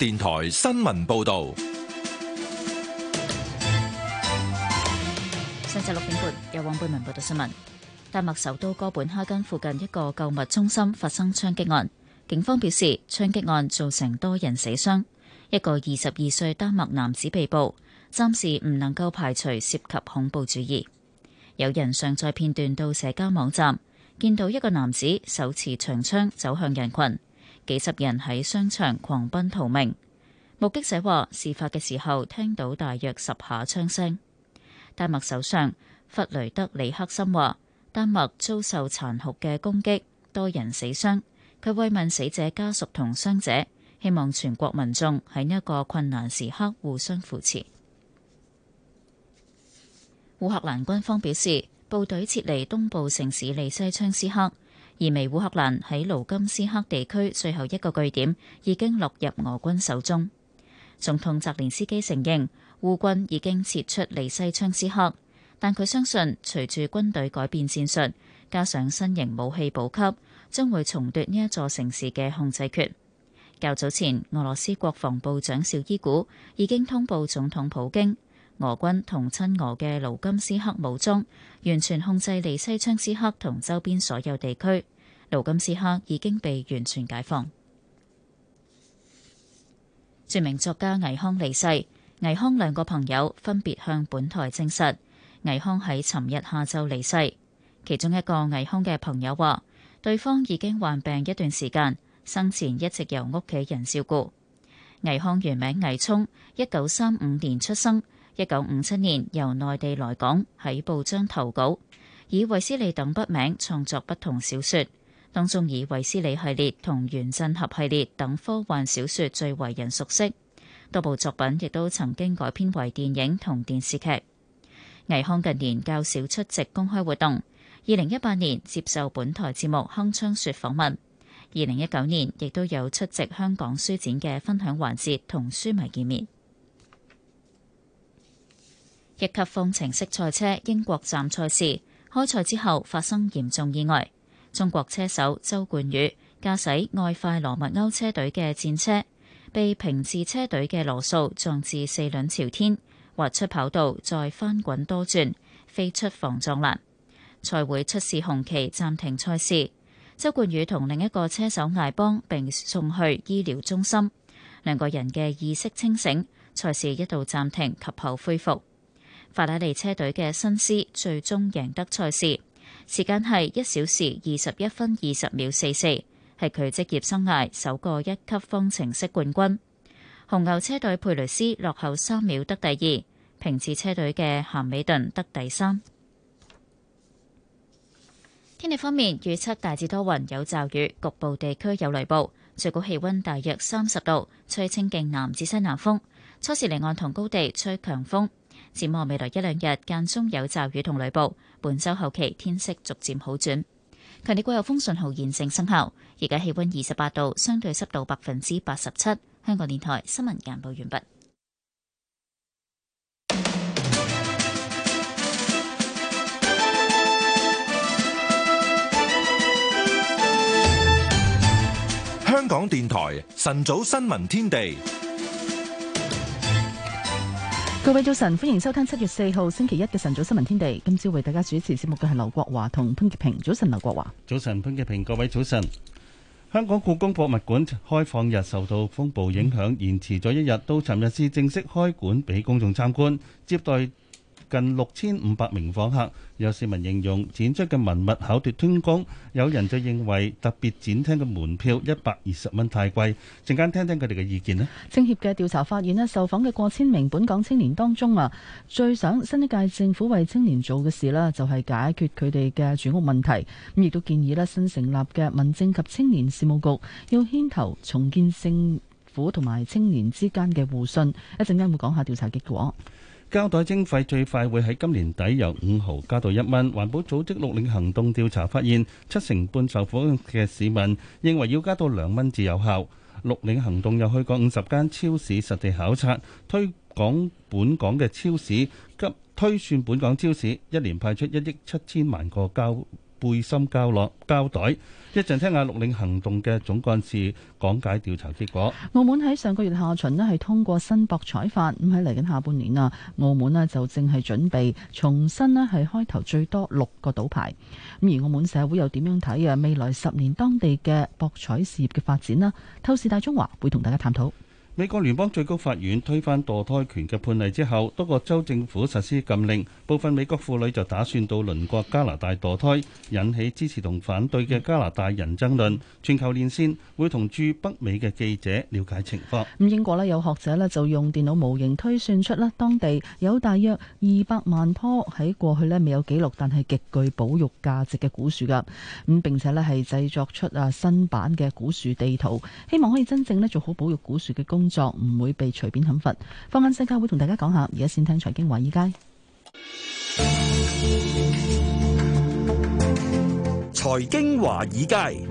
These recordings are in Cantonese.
電臺新聞報道，上晨六點半，由黃貝文報道新聞。丹麥首都哥本哈根附近一個購物中心發生槍擊案，警方表示槍擊案造成多人死傷，一個二十二歲丹麥男子被捕，暫時唔能夠排除涉及恐怖主義。有人上載片段到社交網站，見到一個男子手持長槍走向人群。幾十人喺商場狂奔逃命。目擊者話：事發嘅時候聽到大約十下槍聲。丹麥首相弗雷德里克森話：丹麥遭受殘酷嘅攻擊，多人死傷。佢慰問死者家屬同傷者，希望全國民眾喺一個困難時刻互相扶持。烏克蘭軍方表示，部隊撤離東部城市利西昌斯克。而微烏克蘭喺盧甘斯克地區最後一個據點已經落入俄軍手中。總統澤連斯基承認烏軍已經撤出利西昌斯克，但佢相信隨住軍隊改變戰術，加上新型武器補給，將會重奪呢一座城市嘅控制權。較早前俄羅斯國防部長紹伊古已經通報總統普京，俄軍同親俄嘅盧甘斯克武裝完全控制利西昌斯克同周邊所有地區。盧甘斯克已經被完全解放。著名作家倪匡離世，倪匡兩個朋友分別向本台證實，倪匡喺尋日下晝離世。其中一個倪匡嘅朋友話，對方已經患病一段時間，生前一直由屋企人照顧。倪匡原名倪聰，一九三五年出生，一九五七年由內地來港，喺報章投稿，以衛斯理等筆名創作不同小說。當中以衛斯理系列同原振俠系列等科幻小説最為人熟悉，多部作品亦都曾經改編為電影同電視劇。倪匡近年較少出席公開活動，二零一八年接受本台節目《鏗鏘說》訪問，二零一九年亦都有出席香港書展嘅分享環節同書迷見面。一級方程式賽車英國站賽事開賽之後發生嚴重意外。中國車手周冠宇駕駛愛快羅密歐車隊嘅戰車，被平治車隊嘅羅素撞至四輪朝天，滑出跑道，再翻滾多轉，飛出防撞欄，賽會出示紅旗暫停賽事。周冠宇同另一個車手艾邦並送去醫療中心，兩個人嘅意識清醒，賽事一度暫停及後恢復。法拉利車隊嘅辛斯最終贏得賽事。時間係一小時二十一分二十秒四四，係佢職業生涯首個一級方程式冠軍。紅牛車隊佩雷斯落後三秒得第二，平治車隊嘅咸美頓得第三。天氣方面，預測大致多雲有驟雨，局部地區有雷暴，最高氣溫大約三十度，吹清勁南至西南風，初時離岸同高地吹強風。展望未來一兩日，間中有驟雨同雷暴。本周後期天色逐漸好轉，強烈季候風信號現正生效。而家氣温二十八度，相對濕度百分之八十七。香港電台新聞簡報完畢。香港電台晨早新聞天地。各位早晨，歡迎收聽七月四號星期一嘅晨早新聞天地。今朝為大家主持節目嘅係劉國華同潘潔平。早晨，劉國華。早晨，潘潔平。各位早晨。香港故宮博物館開放日受到風暴影響，延遲咗一日，到尋日先正式開館俾公眾參觀，接待。近六千五百名訪客，有市民形容展出嘅文物巧奪天工。有人就認為特別展廳嘅門票一百二十蚊太貴。陣間聽聽佢哋嘅意見呢，政協嘅調查發現呢，受訪嘅過千名本港青年當中啊，最想新一屆政府為青年做嘅事啦，就係、是、解決佢哋嘅住屋問題。咁亦都建議呢，新成立嘅民政及青年事務局要牽頭重建政府同埋青年之間嘅互信。一陣間會講下調查結果。膠袋徵費最快會喺今年底由五毫加到一蚊。環保組織綠領行動調查發現，七成半受訪嘅市民認為要加到兩蚊至有效。綠領行動又去過五十間超市實地考察，推廣本港嘅超市，及推算本港超市一年派出一億七千萬個膠背心膠囊膠袋。一陣聽下綠領行動嘅總幹事講解調查結果。澳門喺上個月下旬咧係通過新博彩法，咁喺嚟緊下半年啊，澳門咧就正係準備重新咧係開頭最多六個賭牌。咁而澳門社會又點樣睇啊？未來十年當地嘅博彩事業嘅發展啦，透視大中華會同大家探討。美國聯邦最高法院推翻墮胎權嘅判例之後，多個州政府實施禁令，部分美國婦女就打算到鄰國加拿大墮胎，引起支持同反對嘅加拿大人爭論。全球連線會同駐北美嘅記者了解情況。咁英國咧有學者咧就用電腦模型推算出咧當地有大約二百萬棵喺過去咧未有記錄但係極具保育價值嘅古樹㗎。咁並且咧係製作出啊新版嘅古樹地圖，希望可以真正咧做好保育古樹嘅工工作唔會被隨便懲罰。放眼世界會同大家講下，而家先聽財經華爾街。財經華爾街，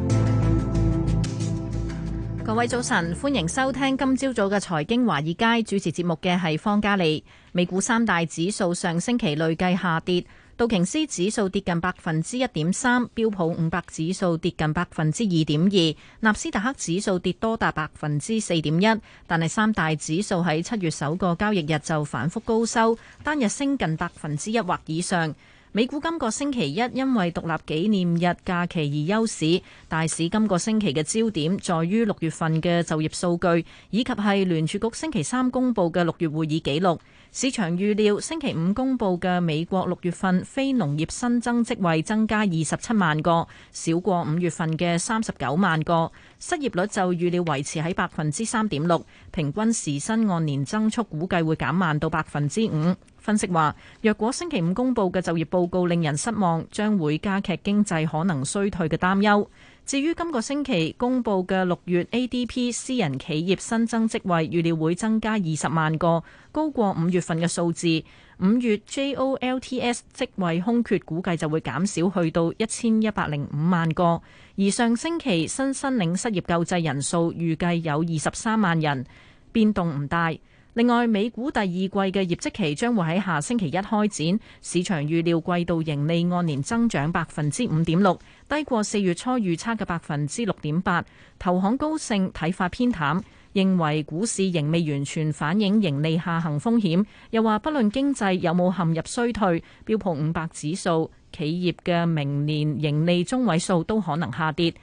各位早晨，歡迎收聽今朝早嘅財經華爾街主持節目嘅係方嘉利。美股三大指數上星期累計下跌。道瓊斯指數跌近百分之一點三，標普五百指數跌近百分之二點二，納斯達克指數跌多達百分之四點一。但係三大指數喺七月首個交易日就反覆高收，單日升近百分之一或以上。美股今個星期一因為獨立紀念日假期而休市，大市今個星期嘅焦點在於六月份嘅就業數據，以及係聯儲局星期三公布嘅六月會議紀錄。市場預料星期五公佈嘅美國六月份非農業新增職位增加二十七萬個，少過五月份嘅三十九萬個。失業率就預料維持喺百分之三點六，平均時薪按年增速估計會減慢到百分之五。分析話，若果星期五公布嘅就業報告令人失望，將會加劇經濟可能衰退嘅擔憂。至於今個星期公佈嘅六月 ADP 私人企業新增職位預料會增加二十萬個，高過五月份嘅數字。五月 JOLTS 職位空缺估計就會減少去到一千一百零五萬個，而上星期新申領失業救濟人數預計有二十三萬人，變動唔大。另外，美股第二季嘅業績期將會喺下星期一開展，市場預料季度盈利按年增長百分之五點六，低過四月初預測嘅百分之六點八。投行高盛睇法偏淡，認為股市仍未完全反映盈利下行風險，又話不論經濟有冇陷入衰退，標普五百指數企業嘅明年盈利中位數都可能下跌。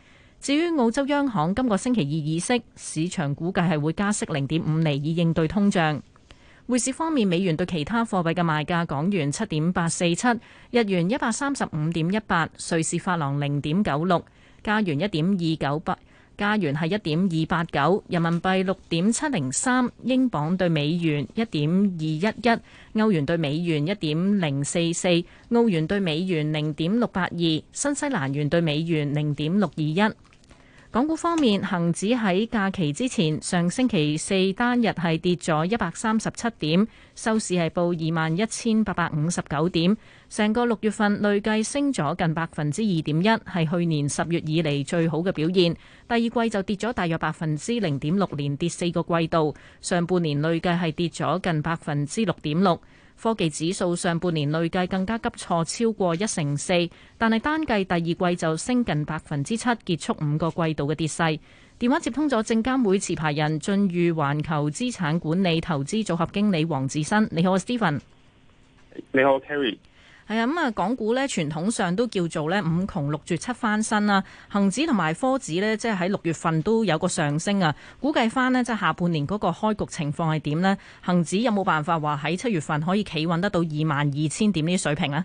至於澳洲央行今個星期二議息，市場估計係會加息零點五厘以應對通脹。匯市方面，美元對其他貨幣嘅賣價：港元七點八四七，日元一百三十五點一八，瑞士法郎零點九六，加元一點二九八。加元係一點二八九，9，人民幣六點七零三，英鎊對美元一點二一一，歐元對美元一點零四四，澳元對美元零點六八二，新西蘭元對美元零點六二一。港股方面，恒指喺假期之前，上星期四單日係跌咗一百三十七點，收市係報二萬一千八百五十九點，成個六月份累計升咗近百分之二點一，係去年十月以嚟最好嘅表現。第二季就跌咗大約百分之零點六，連跌四個季度。上半年累計係跌咗近百分之六點六。科技指數上半年累計更加急挫超過一成四，但係單計第二季就升近百分之七，結束五個季度嘅跌勢。電話接通咗證監會持牌人晉裕環球資產管理投資組合經理黃志新，你好，Steven。Stephen、你好，Harry。Terry 係啊，咁啊，港股咧傳統上都叫做咧五窮六絕七翻身啦。恒指同埋科指咧，即係喺六月份都有個上升啊。估計翻咧，即係下半年嗰個開局情況係點咧？恒指有冇辦法話喺七月份可以企穩得到二萬二千點呢啲水平咧？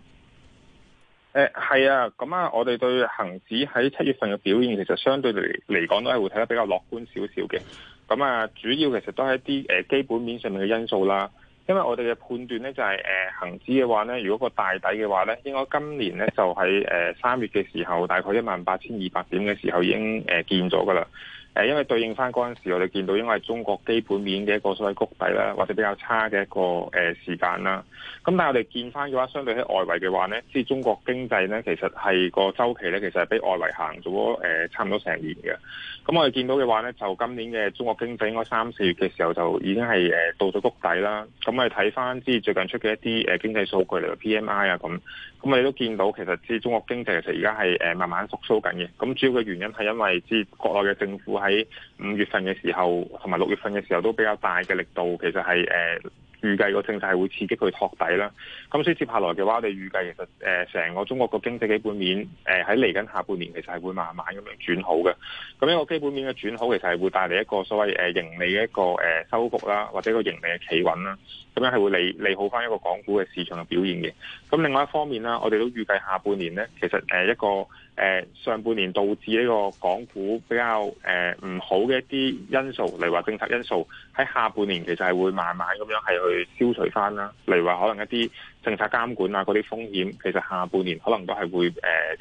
誒、欸，係啊，咁啊，我哋對恒指喺七月份嘅表現其實相對嚟嚟講都係會睇得比較樂觀少少嘅。咁啊，主要其實都係一啲誒基本面上面嘅因素啦。因為我哋嘅判斷咧、就是，就係誒恆指嘅話咧，如果個大底嘅話咧，應該今年咧就喺誒三月嘅時候，大概一萬八千二百點嘅時候已經誒見咗噶啦。誒、呃呃，因為對應翻嗰陣時，我哋見到因為係中國基本面嘅一個所謂谷底啦，或者比較差嘅一個誒、呃、時間啦。咁但係我哋見翻嘅話，相對喺外圍嘅話咧，即係中國經濟咧，其實係個周期咧，其實係比外圍行咗誒差唔多成年嘅。咁我哋見到嘅話咧，就今年嘅中國經濟應該三四月嘅時候就已經係誒、呃、到咗谷底啦。咁我哋睇翻即係最近出嘅一啲誒經濟數據嚟到 P M I 啊，咁咁我哋都見到其實即係中國經濟其實而家係誒慢慢復蘇緊嘅。咁主要嘅原因係因為即係國內嘅政府喺五月份嘅時候同埋六月份嘅時候都比較大嘅力度，其實係誒。呃預計個政策係會刺激佢托底啦，咁所以接下來嘅話，我哋預計其實誒成、呃、個中國個經濟基本面誒喺嚟緊下半年其實係會慢慢咁樣轉好嘅，咁一個基本面嘅轉好其實係會帶嚟一個所謂誒盈利嘅一個誒收復啦，或者個盈利嘅企穩啦，咁樣係會利利好翻一個港股嘅市場嘅表現嘅。咁另外一方面啦，我哋都預計下半年咧，其實誒、呃、一個。誒、呃、上半年導致呢個港股比較誒唔、呃、好嘅一啲因素，嚟話政策因素喺下半年其實係會慢慢咁樣係去消除翻啦。例如話可能一啲政策監管啊嗰啲風險，其實下半年可能都係會誒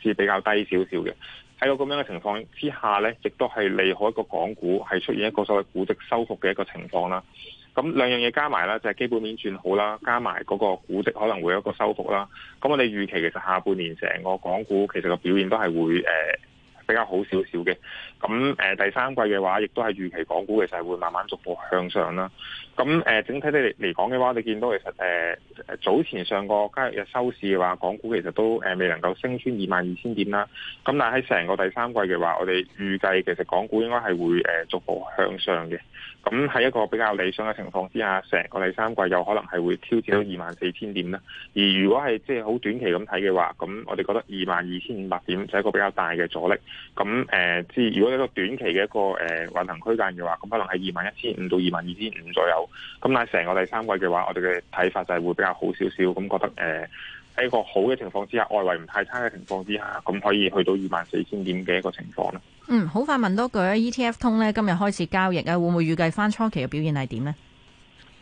至、呃、比較低少少嘅。喺個咁樣嘅情況之下呢，亦都係利好一個港股係出現一個所謂估值收復嘅一個情況啦，啊。咁兩樣嘢加埋啦，就係基本面轉好啦，加埋嗰個股息可能會有一個收復啦。咁我哋預期其實下半年成個港股其實個表現都係會誒比較好少少嘅。咁誒第三季嘅話，亦都係預期港股嘅勢會慢慢逐步向上啦。咁誒整體咧嚟講嘅話，你見到其實誒早前上個交易日收市嘅話，港股其實都誒未能夠升穿二萬二千點啦。咁但係喺成個第三季嘅話，我哋預計其實港股應該係會誒、呃、逐步向上嘅。咁喺一個比較理想嘅情況之下，成個第三季有可能係會挑戰到二萬四千點啦。而如果係即係好短期咁睇嘅話，咁我哋覺得二萬二千五百點就係一個比較大嘅阻力。咁誒、呃，即係如果一個短期嘅一個誒運行區間嘅話，咁可能係二萬一千五到二萬二千五左右。咁但係成個第三季嘅話，我哋嘅睇法就係會比較好少少。咁覺得誒，喺、呃、一個好嘅情況之下，外圍唔太差嘅情況之下，咁可以去到二萬四千點嘅一個情況咧。嗯，好快問多句 ETF 通咧今日開始交易啊，會唔會預計翻初期嘅表現係點呢？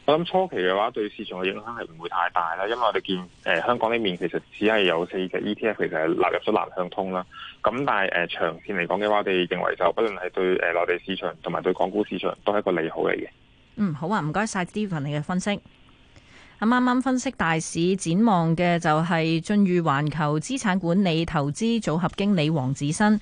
我諗初期嘅話，對市場嘅影響係唔會太大啦，因為我哋見誒、呃、香港呢面其實只係有四隻 E T F，其實係納入咗南向通啦。咁但係誒、呃、長線嚟講嘅話，我哋認為就不論係對誒內地市場同埋對港股市場都係一個利好嚟嘅。嗯，好啊，唔該晒 Steven，你嘅分析。咁啱啱分析大市展望嘅就係俊裕環球資產管理投資組合經理黃子新。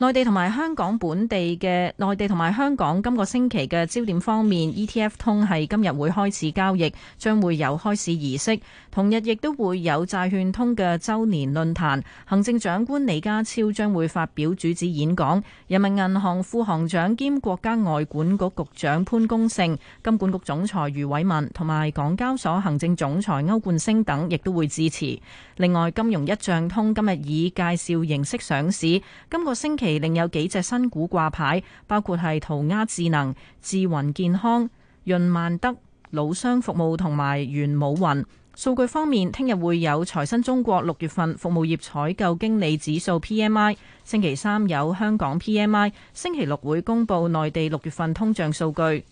內地同埋香港本地嘅內地同埋香港今個星期嘅焦點方面，ETF 通係今日會開始交易，將會有開市儀式。同日亦都會有債券通嘅周年論壇，行政長官李家超將會發表主旨演講。人民銀行副行長兼國家外管局局長潘功勝、金管局總裁余偉文同埋港交所行政總裁歐冠升等亦都會致辭。另外，金融壹賬通今日以介紹形式上市，今、這個星期。其另有幾隻新股掛牌，包括係塗鴉智能、智雲健康、潤萬德、老商服務同埋元武雲。數據方面，聽日會有財新中國六月份服務業採購經理指數 PMI，星期三有香港 PMI，星期六會公布內地六月份通脹數據。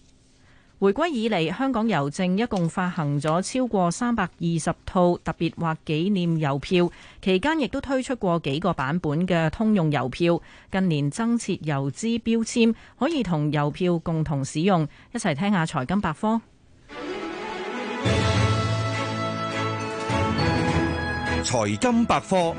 回歸以嚟，香港郵政一共發行咗超過三百二十套特別或紀念郵票，期間亦都推出過幾個版本嘅通用郵票。近年增設郵資標籤，可以同郵票共同使用。一齊聽下財金百科。財金百科，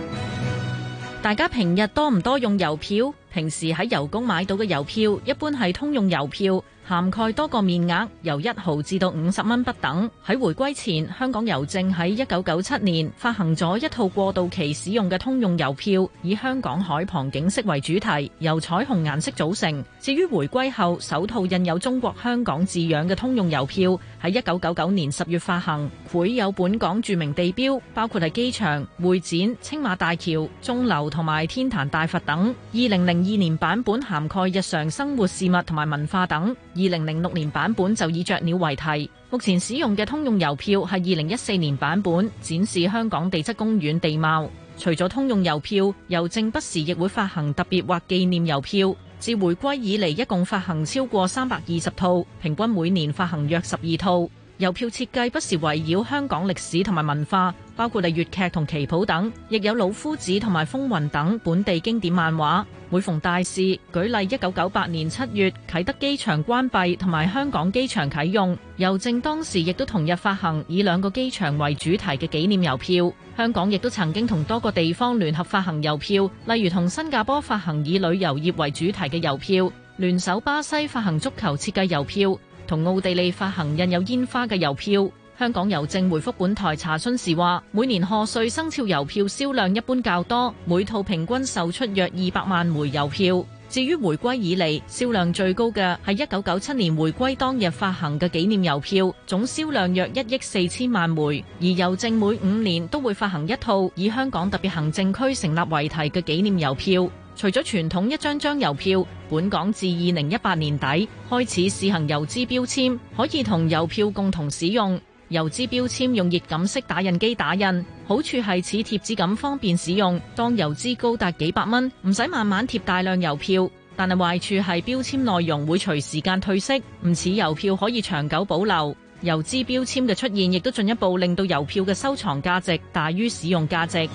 大家平日多唔多用郵票？平時喺郵局買到嘅郵票，一般係通用郵票，涵蓋多個面額，由一毫至到五十蚊不等。喺回歸前，香港郵政喺一九九七年發行咗一套過渡期使用嘅通用郵票，以香港海旁景色為主題，由彩虹顏色組成。至於回歸後首套印有中國香港字樣嘅通用郵票，喺一九九九年十月發行，繪有本港著名地標，包括係機場、會展、青馬大橋、鐘樓同埋天壇大佛等。二零零二年版本涵蓋日常生活事物同埋文化等，二零零六年版本就以雀鳥為題。目前使用嘅通用郵票係二零一四年版本，展示香港地質公園地貌。除咗通用郵票，郵政不時亦會發行特別或紀念郵票。自回歸以嚟，一共發行超過三百二十套，平均每年發行約十二套。郵票設計不時圍繞香港歷史同埋文化。包括嚟粵劇同旗袍等，亦有老夫子同埋《風雲》等本地經典漫畫。每逢大事，舉例一九九八年七月啟德機場關閉同埋香港機場啟用，郵政當時亦都同日發行以兩個機場為主題嘅紀念郵票。香港亦都曾經同多個地方聯合發行郵票，例如同新加坡發行以旅遊業為主題嘅郵票，聯手巴西發行足球設計郵票，同奧地利發行印有煙花嘅郵票。香港郵政回覆本台查詢時話：每年賀歲生肖郵票銷量一般較多，每套平均售出約二百萬枚郵票。至於回歸以嚟銷量最高嘅係一九九七年回歸當日發行嘅紀念郵票，總銷量約一億四千萬枚。而郵政每五年都會發行一套以香港特別行政區成立為題嘅紀念郵票。除咗傳統一張張郵票，本港自二零一八年底開始試行郵資標籤，可以同郵票共同使用。郵資標籤用熱感式打印機打印，好處係似貼紙咁方便使用。當郵資高達幾百蚊，唔使慢慢貼大量郵票。但係壞處係標籤內容會隨時間褪色，唔似郵票可以長久保留。郵資標籤嘅出現，亦都進一步令到郵票嘅收藏價值大於使用價值。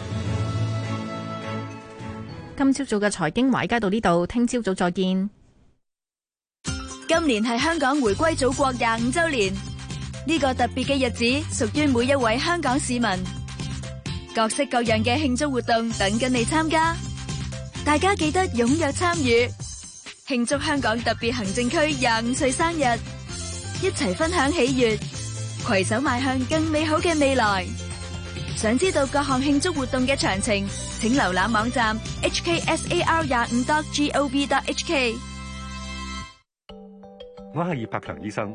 今朝早嘅財經華爾街到呢度，聽朝早，再見。今年係香港回歸祖國廿五周年。呢個特別嘅日子屬於每一位香港市民，各式各樣嘅慶祝活動等緊你參加，大家記得踴躍參與，慶祝香港特別行政區廿五歲生日，一齊分享喜悅，攜手邁向更美好嘅未來。想知道各項慶祝活動嘅詳情，請瀏覽網站 hksar 廿五 .gov.hk。我係葉柏強醫生。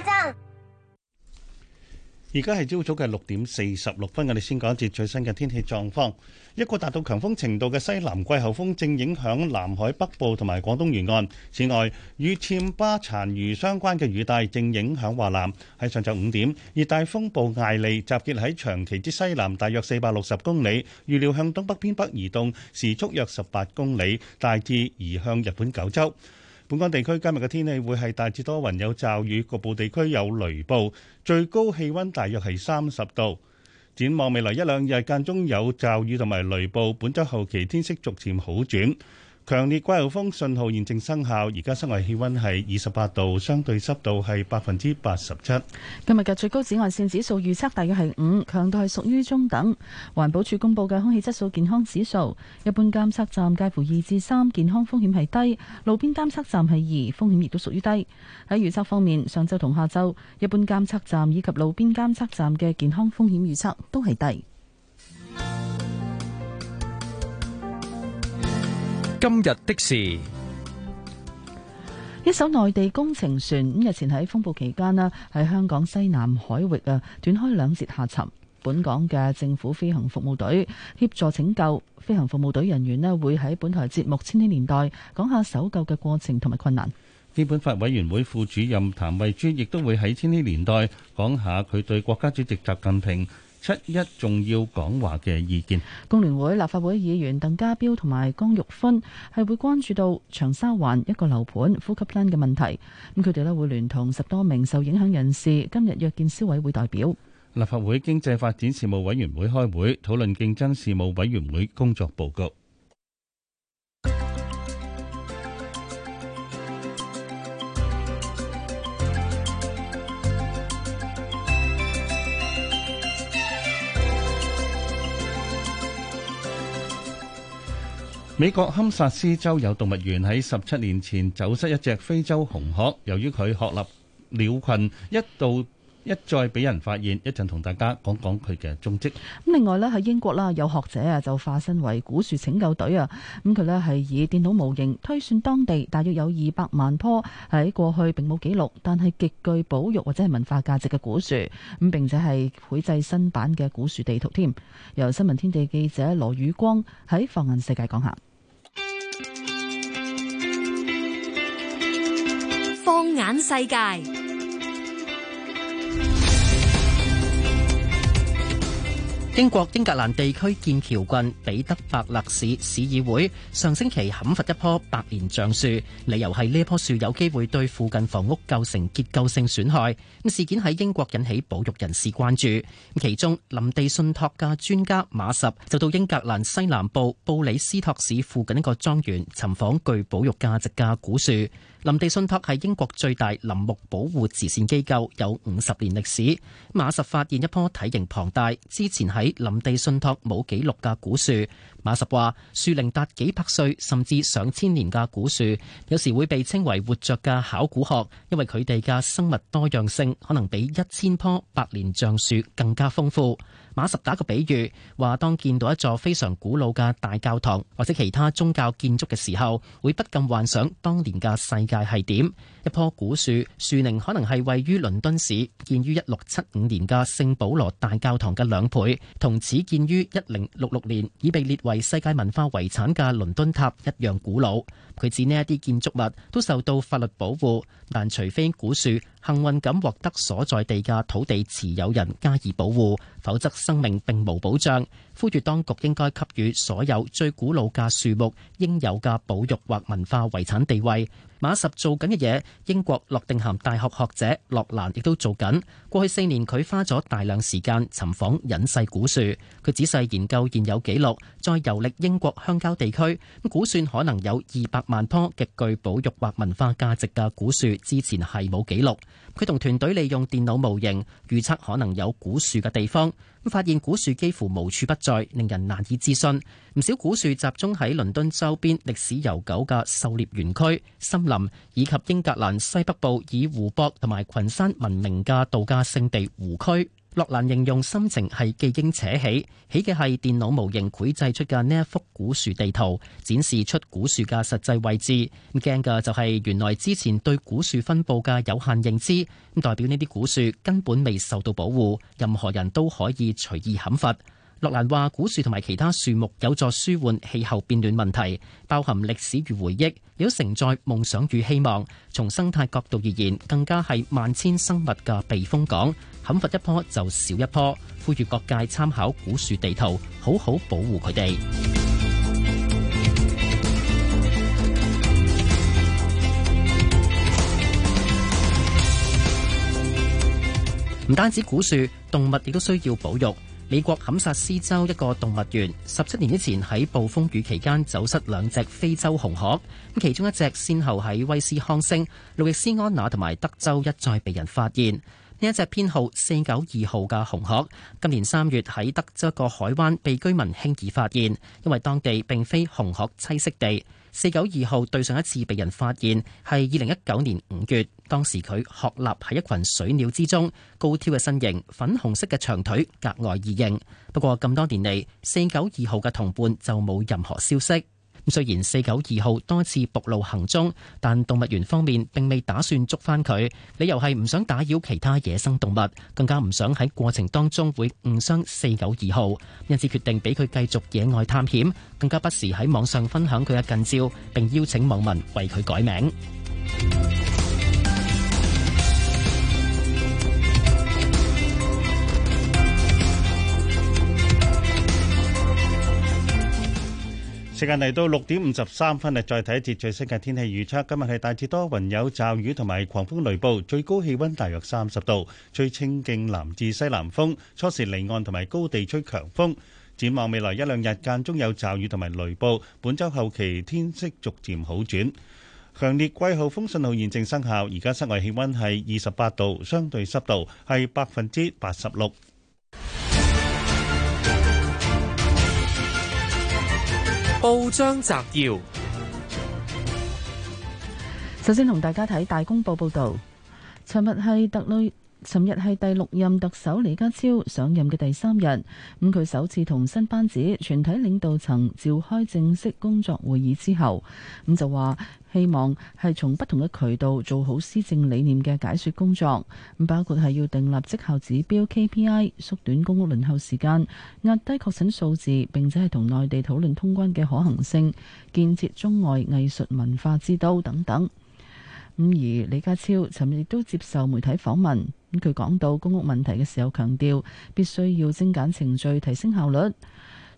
針。而家係朝早嘅六點四十六分，我哋先講一節最新嘅天氣狀況。一個達到強風程度嘅西南季候風正影響南海北部同埋廣東沿岸。此外，與暹巴殘餘相關嘅雨帶正影響華南。喺上晝五點，熱帶風暴艾利集結喺長崎之西南大約四百六十公里，預料向東北偏北移動，時速約十八公里，大致移向日本九州。本港地區今日嘅天氣會係大致多雲有驟雨，局部地區有雷暴，最高氣溫大約係三十度。展望未來一兩日間中有驟雨同埋雷暴，本週後期天色逐漸好轉。強烈季候風信號現正生效，而家室外氣温係二十八度，相對濕度係百分之八十七。今日嘅最高紫外線指數預測大約係五，強度係屬於中等。環保署公布嘅空氣質素健康指數，一般監測站介乎二至三，健康風險係低；路邊監測站係二，風險亦都屬於低。喺預測方面，上晝同下晝，一般監測站以及路邊監測站嘅健康風險預測都係低。今日的事，一艘內地工程船五日前喺風暴期間啦，喺香港西南海域啊斷開兩節下沉。本港嘅政府飛行服務隊協助拯救，飛行服務隊人員咧，會喺本台節目《千禧年代》講下搜救嘅過程同埋困難。基本法委員會副主任譚慧珠亦都會喺《千禧年代》講下佢對國家主席習近平。七一重要講話嘅意見，工聯會立法會議員鄧家彪同埋江玉芬係會關注到長沙灣一個樓盤呼吸 Plan 嘅問題，咁佢哋呢會聯同十多名受影響人士今日約見消委會代表。立法會經濟發展事務委員會開會討論競爭事務委員會工作報告。美國堪薩斯州有動物園喺十七年前走失一隻非洲紅鶴，由於佢鶴立鳥群一度一再俾人發現，一陣同大家講講佢嘅蹤跡。咁另外呢喺英國啦，有學者啊就化身為古樹拯救隊啊，咁佢呢係以電腦模型推算當地大約有二百萬棵喺過去並冇記錄，但係極具保育或者係文化價值嘅古樹，咁並且係繪製新版嘅古樹地圖添。由新聞天地記者羅宇光喺放眼世界講下。放眼世界，英國英格蘭地區劍橋郡彼得伯勒市市議會上星期砍伐一棵百年橡樹，理由係呢棵樹有機會對附近房屋構成結構性損害。事件喺英國引起保育人士關注。其中林地信託嘅專家馬什就到英格蘭西南部布里斯托市附近一個莊園尋訪具保育價值嘅古樹。林地信託係英國最大林木保護慈善機構，有五十年歷史。馬實發現一棵體型龐大，之前喺林地信託冇記錄嘅古樹。馬十話：樹齡達幾百歲甚至上千年嘅古樹，有時會被稱為活著嘅考古學，因為佢哋嘅生物多樣性可能比一千棵百年橡樹更加豐富。馬十打個比喻，話當見到一座非常古老嘅大教堂或者其他宗教建築嘅時候，會不禁幻想當年嘅世界係點。一棵古樹樹齡可能係位於倫敦市建於一六七五年嘅聖保羅大教堂嘅兩倍，同此建於一零六六年，已被列為。為世界文化遺產嘅倫敦塔一樣古老，佢指呢一啲建築物都受到法律保護，但除非古樹幸運咁獲得所在地嘅土地持有人加以保護，否則生命並無保障。呼籲當局應該給予所有最古老嘅樹木應有嘅保育或文化遺產地位。馬什做緊嘅嘢，英國諾定咸大學學者洛蘭亦都做緊。過去四年，佢花咗大量時間尋訪隱世古樹。佢仔細研究現有記錄，再遊歷英國鄉郊地區，估算可能有二百萬棵極具保育或文化價值嘅古樹。之前係冇記錄。佢同團隊利用電腦模型預測可能有古樹嘅地方，咁發現古樹幾乎無處不在，令人難以置信。唔少古樹集中喺倫敦周邊歷史悠久嘅狩獵園區、森林，以及英格蘭西北部以湖泊同埋群山聞名嘅度假聖地湖區，洛蘭形容心情係既驚且喜，喜嘅係電腦模型繪製出嘅呢一幅古樹地圖，展示出古樹嘅實際位置。咁驚嘅就係原來之前對古樹分佈嘅有限認知，代表呢啲古樹根本未受到保護，任何人都可以隨意砍伐。洛蘭話：古樹同埋其他樹木有助舒緩氣候變暖問題，包含歷史與回憶，亦都承載夢想與希望。從生態角度而言，更加係萬千生物嘅避風港。砍伐一棵就少一棵，呼籲各界參考古樹地圖，好好保護佢哋。唔單止古樹，動物亦都需要保育。美國坎薩斯州一個動物園，十七年之前喺暴風雨期間走失兩隻非洲紅鶴，咁其中一隻先後喺威斯康星、路易斯安那同埋德州一再被人發現。呢一隻編號四九二號嘅紅鶴，今年三月喺德州一個海灣被居民輕易發現，因為當地並非紅鶴棲息地。四九二號對上一次被人發現係二零一九年五月，當時佢鶴立喺一群水鳥之中，高挑嘅身形、粉紅色嘅長腿格外異形。不過咁多年嚟，四九二號嘅同伴就冇任何消息。雖然四九二號多次暴露行蹤，但動物園方面並未打算捉返佢，理由係唔想打擾其他野生動物，更加唔想喺過程當中會誤傷四九二號，因此決定俾佢繼續野外探險，更加不時喺網上分享佢嘅近照，並邀請網民為佢改名。時間嚟到六點五十三分，啊，再睇一節最新嘅天氣預測。今日係大致多雲有驟雨同埋狂風雷暴，最高氣溫大約三十度，吹清勁南至西南風，初時離岸同埋高地吹強風。展望未來一兩日間中有驟雨同埋雷暴，本周後期天色逐漸好轉。強烈季候風信號現正生效，而家室外氣溫係二十八度，相對濕度係百分之八十六。報章摘要，首先同大家睇大公報報道，尋日係特類。尋日係第六任特首李家超上任嘅第三日，咁佢首次同新班子全體領導層召開正式工作會議之後，咁就話希望係從不同嘅渠道做好施政理念嘅解說工作，包括係要訂立績效指標 KPI，縮短公屋輪候時間，壓低確診數字，並且係同內地討論通關嘅可行性，建設中外藝術文化之都等等。咁而李家超尋日亦都接受媒體訪問。咁佢講到公屋問題嘅時候，強調必須要精簡程序，提升效率，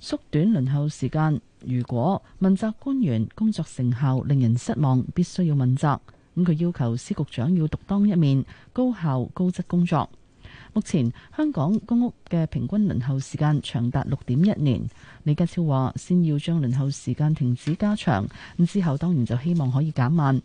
縮短輪候時間。如果問責官員工作成效令人失望，必須要問責。咁佢要求司局長要獨當一面，高效高質工作。目前香港公屋嘅平均輪候時間長達六點一年。李家超話：先要將輪候時間停止加長，咁之後當然就希望可以減慢。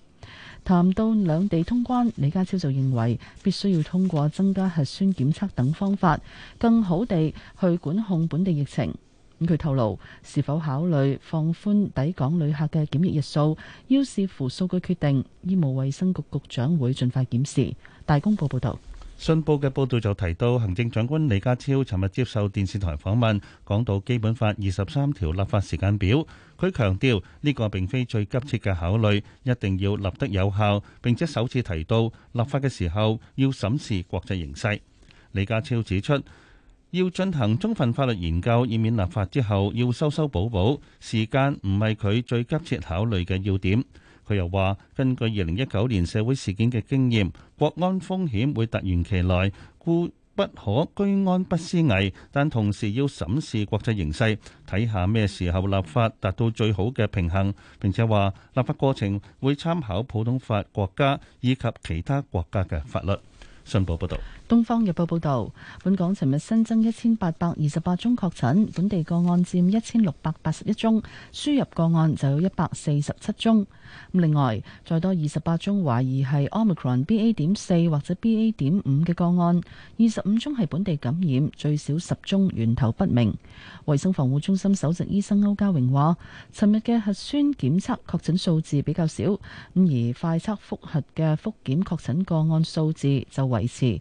談到兩地通關，李家超就認為必須要通過增加核酸檢測等方法，更好地去管控本地疫情。咁佢透露，是否考慮放寬抵港旅客嘅檢疫日數，要視乎數據決定。醫務衛生局局長會盡快檢視。大公報報道。信報嘅報道就提到，行政長官李家超尋日接受電視台訪問，講到《基本法》二十三條立法時間表，佢強調呢個並非最急切嘅考慮，一定要立得有效。並且首次提到立法嘅時候要審視國際形勢。李家超指出，要進行充分法律研究，以免立法之後要修修補補。時間唔係佢最急切考慮嘅要點。佢又話：根據二零一九年社會事件嘅經驗，國安風險會突然其來，故不可居安不思危。但同時要審視國際形勢，睇下咩時候立法達到最好嘅平衡。並且話立法過程會參考普通法國家以及其他國家嘅法律。信報報道。《東方日報》報導，本港尋日新增一千八百二十八宗確診，本地個案佔一千六百八十一宗，輸入個案就有一百四十七宗。另外再多二十八宗懷疑係 Omicron BA. 點四或者 BA. 點五嘅個案，二十五宗係本地感染，最少十宗源頭不明。衛生防護中心首席醫生歐家榮話，尋日嘅核酸檢測確診數字比較少，咁而快測覆核嘅覆檢確診個案數字就維持。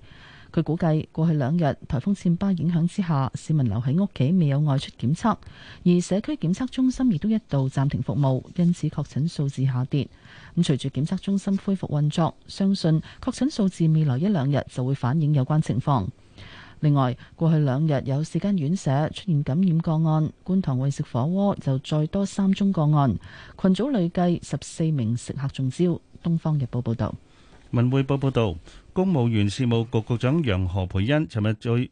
佢估計過去兩日颱風暹芭影響之下，市民留喺屋企未有外出檢測，而社區檢測中心亦都一度暫停服務，因此確診數字下跌。咁隨住檢測中心恢復運作，相信確診數字未來一兩日就會反映有關情況。另外，過去兩日有四間院舍出現感染個案，觀塘餵食火鍋就再多三宗個案，群組累計十四名食客中招。《東方日報》報道。文匯報報道，公務員事務局局長楊何蓓茵尋日在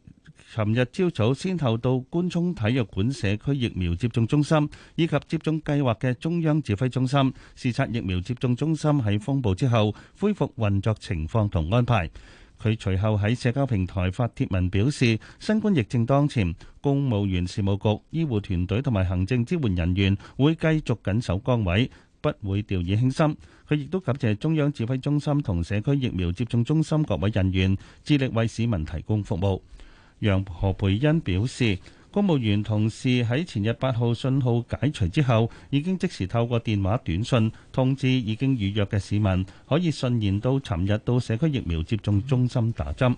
尋日朝早先後到官涌體育館社區疫苗接種中心以及接種計劃嘅中央指揮中心視察疫苗接種中心喺風暴之後恢復運作情況同安排。佢隨後喺社交平台發帖文表示，新冠疫症當前，公務員事務局醫護團隊同埋行政支援人員會繼續緊守崗位。不會掉以輕心，佢亦都感謝中央指揮中心同社區疫苗接種中心各位人員致力為市民提供服務。楊何培恩表示，公務員同事喺前日八號信號解除之後，已經即時透過電話短信通知已經預約嘅市民，可以順延到尋日到社區疫苗接種中心打針。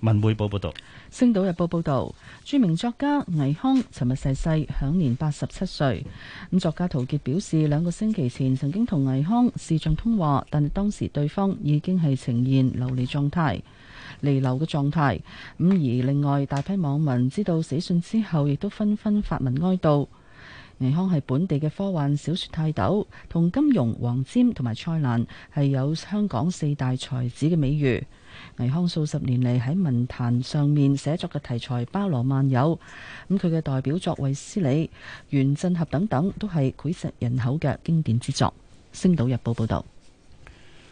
文匯報報道，《星島日報》報道，著名作家倪匡尋日逝世，享年八十七歲。咁作家陶傑表示，兩個星期前曾經同倪匡視像通話，但係當時對方已經係呈現流離狀態，彌留嘅狀態。咁而另外大批網民知道死訊之後，亦都紛紛發文哀悼。倪匡係本地嘅科幻小說泰斗，同金庸、黃沾同埋蔡瀾係有香港四大才子嘅美譽。倪匡數十年嚟喺文壇上面寫作嘅題材包羅萬有，咁佢嘅代表作《衛斯理》、《原振俠》等等都係膾炙人口嘅經典之作。《星島日報》報導，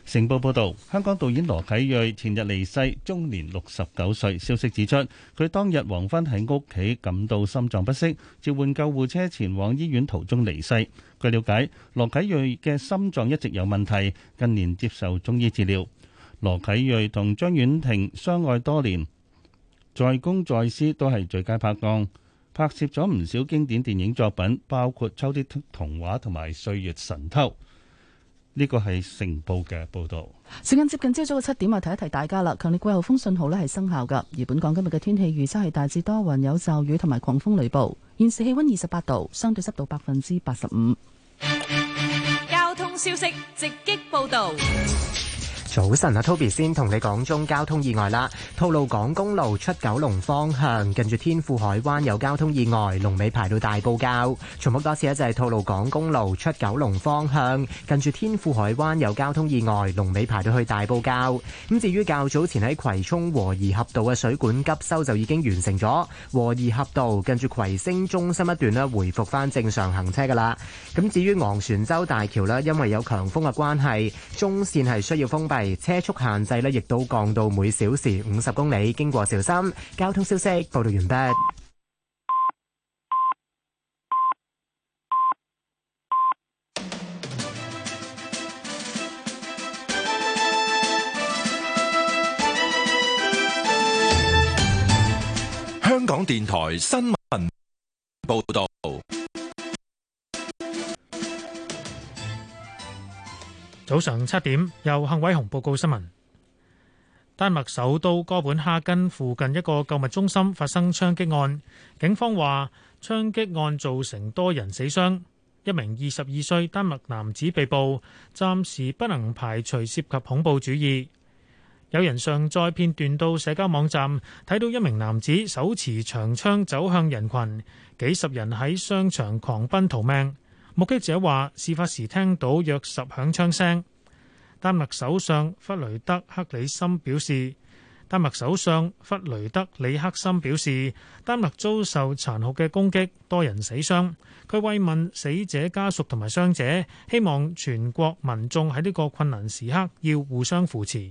《成報》報導，香港導演羅啟銳前日離世，終年六十九歲。消息指出，佢當日黃昏喺屋企感到心臟不適，召喚救護車前往醫院途中離世。據瞭解，羅啟銳嘅心臟一直有問題，近年接受中醫治療。羅啟銳同張婉婷相愛多年，在公在私都係最佳拍檔，拍攝咗唔少經典電影作品，包括《秋天童話》同埋《歲月神偷》。呢個係成報嘅報道。時間接近朝早嘅七點啊，我提一提大家啦，強烈季候風信號咧係生效噶，而本港今日嘅天氣預測係大致多雲，有驟雨同埋狂風雷暴。現時氣溫二十八度，相對濕度百分之八十五。交通消息直擊報道。早晨啊，Toby 先同你講中交通意外啦。吐露港公路出九龍方向，近住天富海灣有交通意外，龍尾排到大埔滘。重複多次咧，就係吐露港公路出九龍方向，近住天富海灣有交通意外，龍尾排到去大埔滘。咁至於較早前喺葵涌和宜合道嘅水管急修就已經完成咗，和宜合道近住葵星中心一段咧，回復翻正常行車噶啦。咁至於昂船洲大橋咧，因為有強風嘅關係，中線係需要封閉。車速限制咧，亦都降到每小時五十公里。經過小心，交通消息報道完畢。香港電台新聞報道。早上七點，由幸偉雄報告新聞。丹麥首都哥本哈根附近一個購物中心發生槍擊案，警方話槍擊案造成多人死傷，一名二十二歲丹麥男子被捕，暫時不能排除涉及恐怖主義。有人上載片段到社交網站，睇到一名男子手持長槍走向人群，幾十人喺商場狂奔逃命。目擊者話：事發時聽到約十響槍聲。丹麥首相弗雷德克里森表示，丹麥首相弗雷德里克森表示，丹麥遭受殘酷嘅攻擊，多人死傷。佢慰問死者家屬同埋傷者，希望全國民眾喺呢個困難時刻要互相扶持。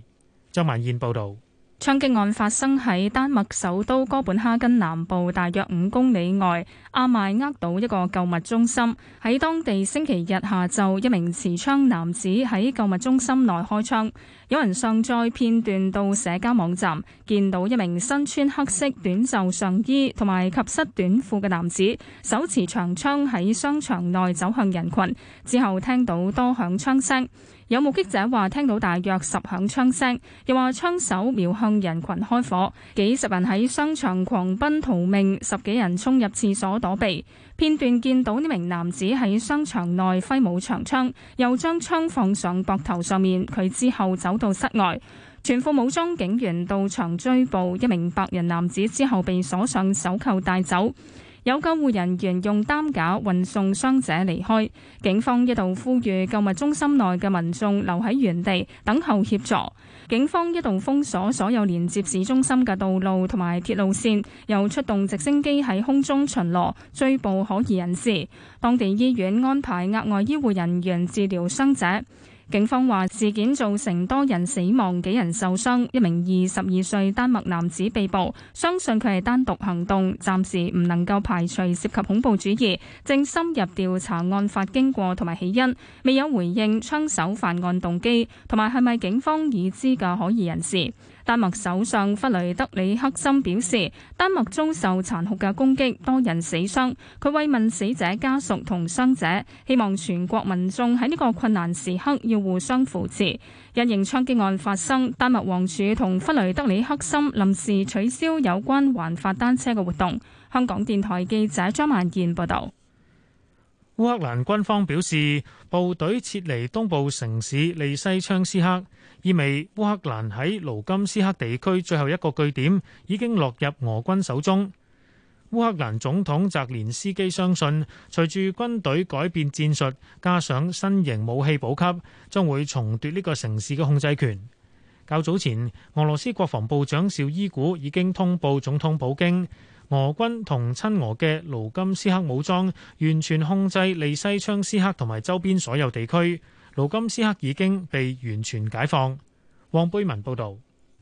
周曼燕報導。槍擊案發生喺丹麥首都哥本哈根南部大約五公里外阿邁厄島一個購物中心。喺當地星期日下晝，一名持槍男子喺購物中心內開槍，有人上載片段到社交網站，見到一名身穿黑色短袖上衣同埋及膝短褲嘅男子，手持長槍喺商場內走向人群，之後聽到多響槍聲。有目擊者話聽到大約十響槍聲，又話槍手瞄向人群開火，幾十人喺商場狂奔逃命，十幾人衝入廁所躲避。片段見到呢名男子喺商場內揮舞長槍，又將槍放上膊頭上面。佢之後走到室外，全副武裝警員到場追捕一名白人男子，之後被鎖上手扣帶走。有救護人員用擔架運送傷者離開，警方一度呼籲購物中心內嘅民眾留喺原地等候協助。警方一度封鎖所有連接市中心嘅道路同埋鐵路線，又出動直升機喺空中巡邏追捕可疑人士。當地醫院安排額外醫護人員治療傷者。警方話：事件造成多人死亡、幾人受傷，一名二十二歲丹麥男子被捕。相信佢係單獨行動，暫時唔能夠排除涉及恐怖主義，正深入調查案發經過同埋起因。未有回應槍手犯案動機同埋係咪警方已知嘅可疑人士。丹麥首相弗雷德里克森表示，丹麥遭受殘酷嘅攻擊，多人死傷。佢慰問死者家屬同傷者，希望全國民眾喺呢個困難時刻要互相扶持。因應槍擊案發生，丹麥王儲同弗雷德里克森臨時取消有關環法單車嘅活動。香港電台記者張曼燕報導。烏克蘭軍方表示，部隊撤離東部城市利西昌斯克。意味烏克蘭喺盧甘斯克地區最後一個據點已經落入俄軍手中。烏克蘭總統澤連斯基相信，隨住軍隊改變戰術，加上新型武器補給，將會重奪呢個城市嘅控制權。較早前，俄羅斯國防部長紹伊古已經通報總統普京，俄軍同親俄嘅盧甘斯克武裝完全控制利西昌斯克同埋周邊所有地區。盧甘斯克已經被完全解放。黃貝文報道，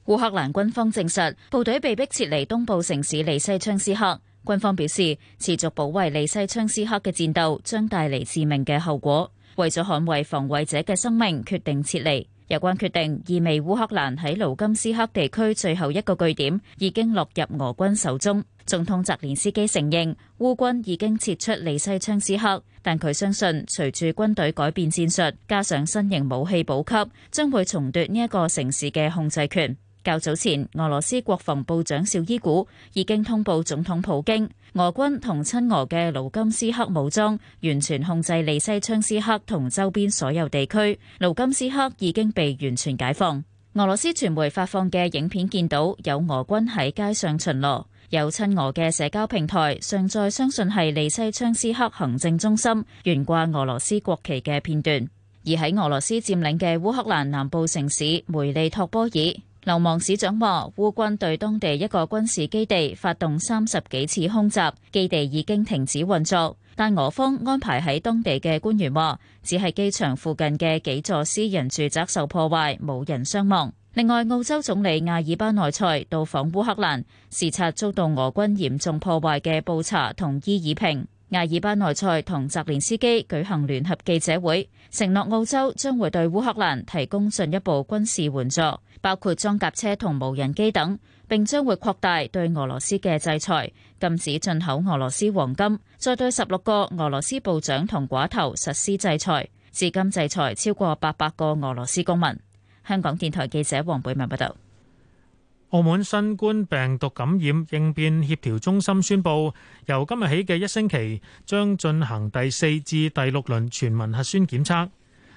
烏克蘭軍方證實部隊被迫撤離東部城市利西昌斯克。軍方表示，持續保衛利西昌斯克嘅戰鬥將帶嚟致命嘅後果，為咗捍衛防衛者嘅生命，決定撤離。有關決定意味烏克蘭喺盧甘斯克地區最後一個據點已經落入俄軍手中。總統澤連斯基承認烏軍已經撤出利西昌斯克，但佢相信隨住軍隊改變戰術，加上新型武器補給，將會重奪呢一個城市嘅控制權。較早前，俄羅斯國防部長紹伊古已經通報總統普京。俄軍同親俄嘅盧甘斯克武裝完全控制利西昌斯克同周邊所有地區，盧甘斯克已經被完全解放。俄羅斯傳媒發放嘅影片見到有俄軍喺街上巡邏，有親俄嘅社交平台上載相信係利西昌斯克行政中心懸掛俄羅斯國旗嘅片段，而喺俄羅斯佔領嘅烏克蘭南部城市梅利托波爾。流亡市長話，烏軍對當地一個軍事基地發動三十幾次空襲，基地已經停止運作。但俄方安排喺當地嘅官員話，只係機場附近嘅幾座私人住宅受破壞，冇人傷亡。另外，澳洲總理阿爾巴內塞到訪烏克蘭視察遭到俄軍嚴重破壞嘅布查同伊爾平。阿爾巴內塞同澤連斯基舉行聯合記者會，承諾澳洲將會對烏克蘭提供進一步軍事援助。包括裝甲車同無人機等，並將會擴大對俄羅斯嘅制裁，禁止進口俄羅斯黃金，再對十六個俄羅斯部長同寡頭實施制裁。至今制裁超過八百個俄羅斯公民。香港電台記者黃貝文報道。澳門新冠病毒感染應變協調中心宣布，由今日起嘅一星期將進行第四至第六輪全民核酸檢測。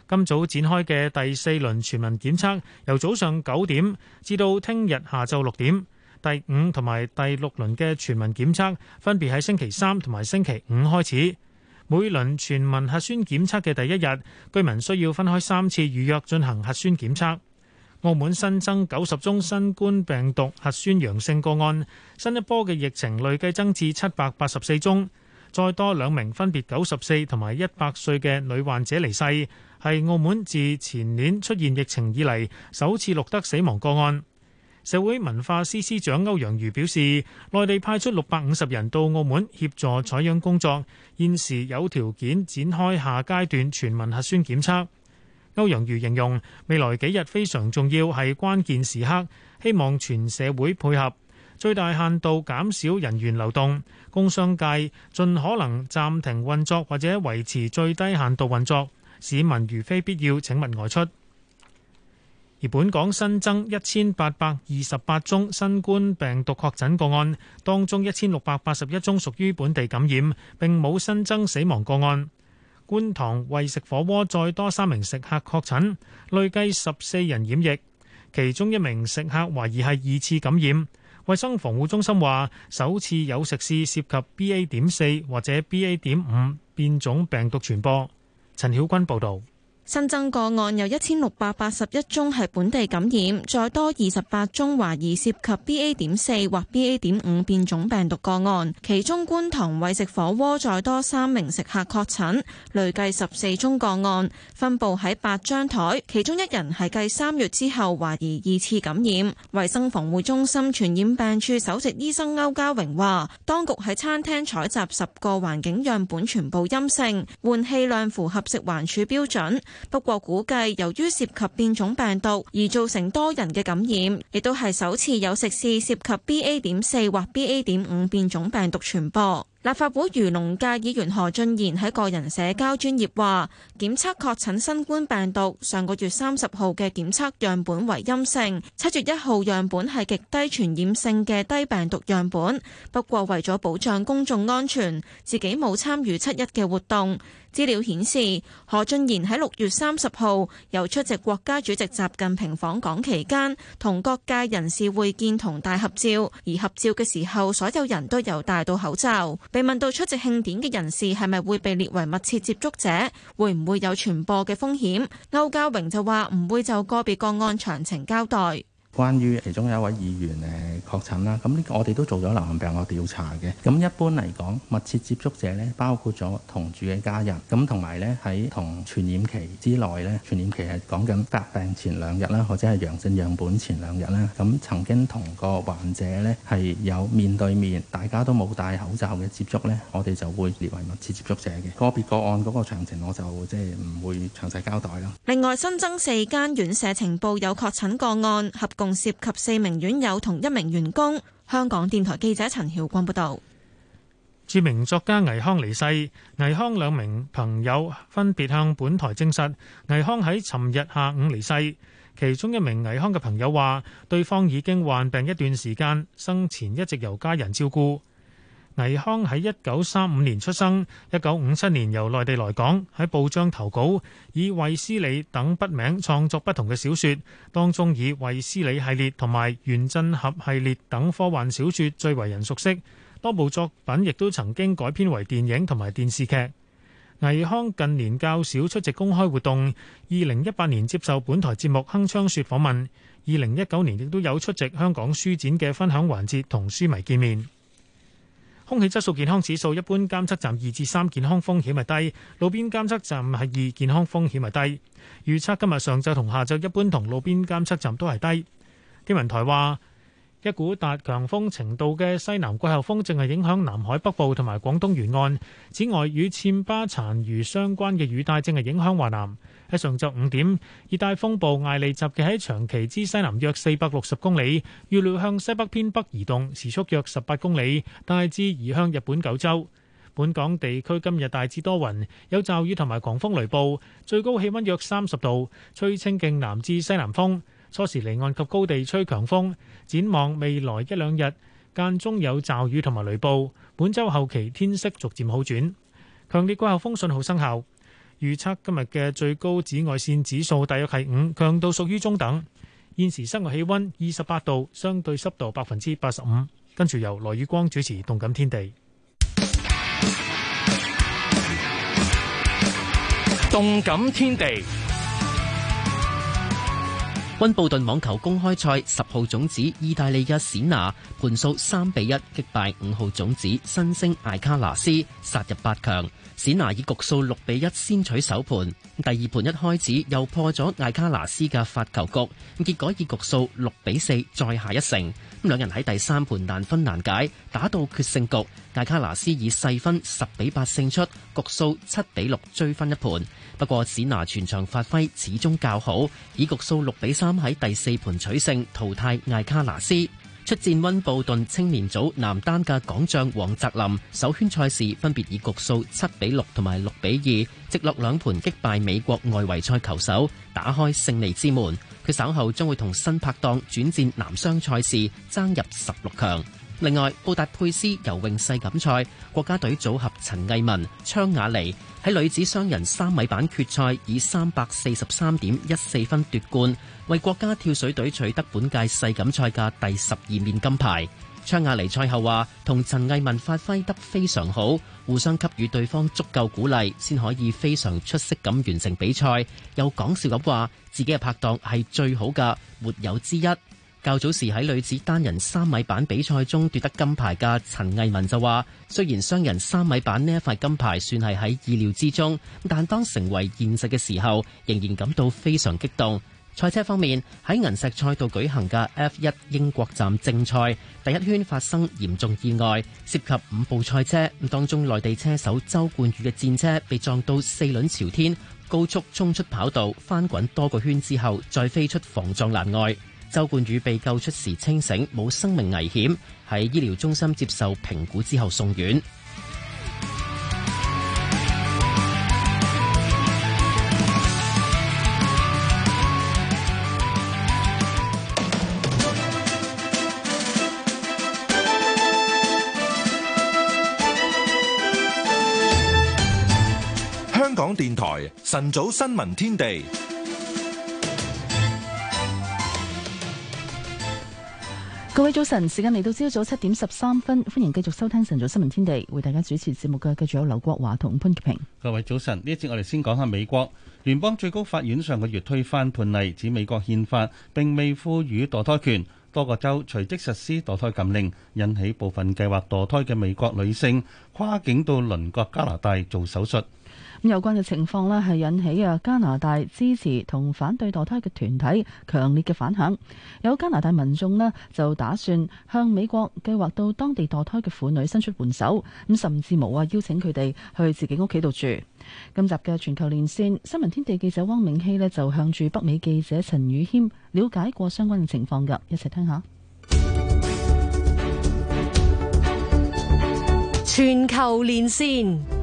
今早展開嘅第四輪全民檢測，由早上九點至到聽日下晝六點。第五同埋第六輪嘅全民檢測分別喺星期三同埋星期五開始。每輪全民核酸檢測嘅第一日，居民需要分開三次預約進行核酸檢測。澳門新增九十宗新冠病毒核酸陽性個案，新一波嘅疫情累計增至七百八十四宗，再多兩名分別九十四同埋一百歲嘅女患者離世，係澳門自前年出現疫情以嚟首次錄得死亡個案。社會文化司司長歐陽瑜表示，內地派出六百五十人到澳門協助採樣工作，現時有條件展開下階段全民核酸檢測。歐陽瑜形容未來幾日非常重要，係關鍵時刻，希望全社會配合，最大限度減少人員流動，工商界盡可能暫停運作或者維持最低限度運作。市民如非必要，請勿外出。而本港新增一千八百二十八宗新冠病毒確診個案，當中一千六百八十一宗屬於本地感染，並冇新增死亡個案。觀塘為食火鍋再多三名食客確診，累計十四人染疫，其中一名食客懷疑係二次感染。衛生防護中心話，首次有食肆涉及 BA 點四或者 BA 點五變種病毒傳播。陳曉君報道。新增個案有一千六百八十一宗係本地感染，再多二十八宗懷疑涉及 B A. 點四或 B A. 點五變種病毒個案，其中觀塘為食火鍋再多三名食客確診，累計十四宗個案分布喺八張台，其中一人係繼三月之後懷疑二次感染。衛生防護中心傳染病處首席醫生歐家榮話當局喺餐廳採集十個環境樣本，全部陰性，換氣量符合食環署標準。不過估計，由於涉及變種病毒而造成多人嘅感染，亦都係首次有食肆涉及 BA.4 或 BA.5 變種病毒傳播。立法會漁農界議員何俊賢喺個人社交專頁話：檢測確診新冠病毒，上個月三十號嘅檢測樣本為陰性，七月一號樣本係極低傳染性嘅低病毒樣本。不過為咗保障公眾安全，自己冇參與七一嘅活動。資料顯示，何俊賢喺六月三十號由出席國家主席習近平訪港期間，同各界人士會見同大合照，而合照嘅時候所有人都有戴到口罩。被問到出席慶典嘅人士係咪會被列為密切接觸者，會唔會有傳播嘅風險，歐家榮就話唔會就個別個案詳情交代。關於其中有一位議員誒確診啦，咁呢個我哋都做咗流行病學調查嘅。咁一般嚟講，密切接觸者咧，包括咗同住嘅家人，咁同埋咧喺同傳染期之內咧，傳染期係講緊發病前兩日啦，或者係陽性樣本前兩日啦。咁曾經同個患者咧係有面對面，大家都冇戴口罩嘅接觸咧，我哋就會列為密切接觸者嘅個別個案嗰個詳情，我就即係唔會詳細交代咯。另外新增四間院舍呈報有確診個案，合共涉及四名院友同一名員工。香港電台記者陳曉光報道，著名作家倪匡離世。倪匡兩名朋友分別向本台證實，倪匡喺尋日下午離世。其中一名倪匡嘅朋友話，對方已經患病一段時間，生前一直由家人照顧。倪匡喺一九三五年出生，一九五七年由內地來港，喺報章投稿以，以衛斯理等筆名創作不同嘅小說，當中以衛斯理系列同埋《原振俠系列等科幻小說最為人熟悉。多部作品亦都曾經改編為電影同埋電視劇，倪匡近年較少出席公開活動，二零一八年接受本台節目《鏗鏘説》訪問，二零一九年亦都有出席香港書展嘅分享環節同書迷見面。空氣質素健康指數一般監測站二至三，健康風險係低；路邊監測站係二，健康風險係低。預測今日上晝同下晝一般同路邊監測站都係低。天文台話，一股達強風程度嘅西南季候風正係影響南海北部同埋廣東沿岸。此外，與暹芭殘餘相關嘅雨帶正係影響華南。喺上晝五點，熱帶風暴艾利集結喺長崎之西南約四百六十公里，預料向西北偏北移動，時速約十八公里，大致移向日本九州。本港地區今日大致多雲，有驟雨同埋狂風雷暴，最高氣温約三十度，吹清勁南至西南風。初時離岸及高地吹強風，展望未來一兩日間中有驟雨同埋雷暴。本週後期天色逐漸好轉，強烈季候風信號生效。預測今日嘅最高紫外線指數大約係五，強度屬於中等。現時室外氣温二十八度，相對濕度百分之八十五。嗯、跟住由羅宇光主持《動感天地》。《動感天地》溫布頓網球公開賽十號種子意大利嘅史拿盤數三比一擊敗五號種子新星艾卡拉斯殺入八強。史拿以局數六比一先取首盤，第二盤一開始又破咗艾卡拉斯嘅發球局，結果以局數六比四再下一城。咁兩人喺第三盤難分難解，打到決勝局，艾卡拉斯以細分十比八勝出，局數七比六追分一盤。不過史拿全場發揮始終較好，以局數六比三喺第四盤取勝，淘汰艾卡拿斯。出戰温布頓青年組男單嘅港將黃澤林，首圈賽事分別以局數七比六同埋六比二，直落兩盤擊敗美國外圍賽球手，打開勝利之門。佢稍後將會同新拍檔轉戰男雙賽事，爭入十六強。另外，布達佩斯游泳世錦賽，國家隊組合陳藝文、昌雅妮喺女子雙人三米板決賽以三百四十三點一四分奪冠，為國家跳水隊取得本屆世錦賽嘅第十二面金牌。昌雅妮賽後話，同陳藝文發揮得非常好，互相給予對方足夠鼓勵，先可以非常出色咁完成比賽。又講笑咁話，自己嘅拍檔係最好嘅，沒有之一。較早時喺女子單人三米板比賽中奪得金牌嘅陳藝文就話，雖然雙人三米板呢一塊金牌算係喺意料之中，但當成為現實嘅時候，仍然感到非常激動。賽車方面，喺銀石賽道舉行嘅 F1 英國站正賽，第一圈發生嚴重意外，涉及五部賽車，咁當中內地車手周冠宇嘅戰車被撞到四輪朝天，高速衝出跑道，翻滾多個圈之後，再飛出防撞欄外。周冠宇被救出時清醒，冇生命危險，喺醫療中心接受評估之後送院。香港電台晨早新聞天地。各位早晨，時間嚟到朝早七點十三分，歡迎繼續收聽晨早新聞天地，為大家主持節目嘅繼續有劉國華同潘潔平。各位早晨，呢一節我哋先講下美國聯邦最高法院上個月推翻判例，指美國憲法並未賦予墮胎權，多個州隨即實施墮胎禁令，引起部分計劃墮胎嘅美國女性跨境到鄰國加拿大做手術。咁有關嘅情況咧，係引起啊加拿大支持同反對墮胎嘅團體強烈嘅反響。有加拿大民眾咧就打算向美國計劃到當地墮胎嘅婦女伸出援手，咁甚至無啊邀請佢哋去自己屋企度住。今集嘅全球連線，新聞天地記者汪明熙咧就向住北美記者陳宇謙了解過相關嘅情況㗎，一齊聽一下。全球連線。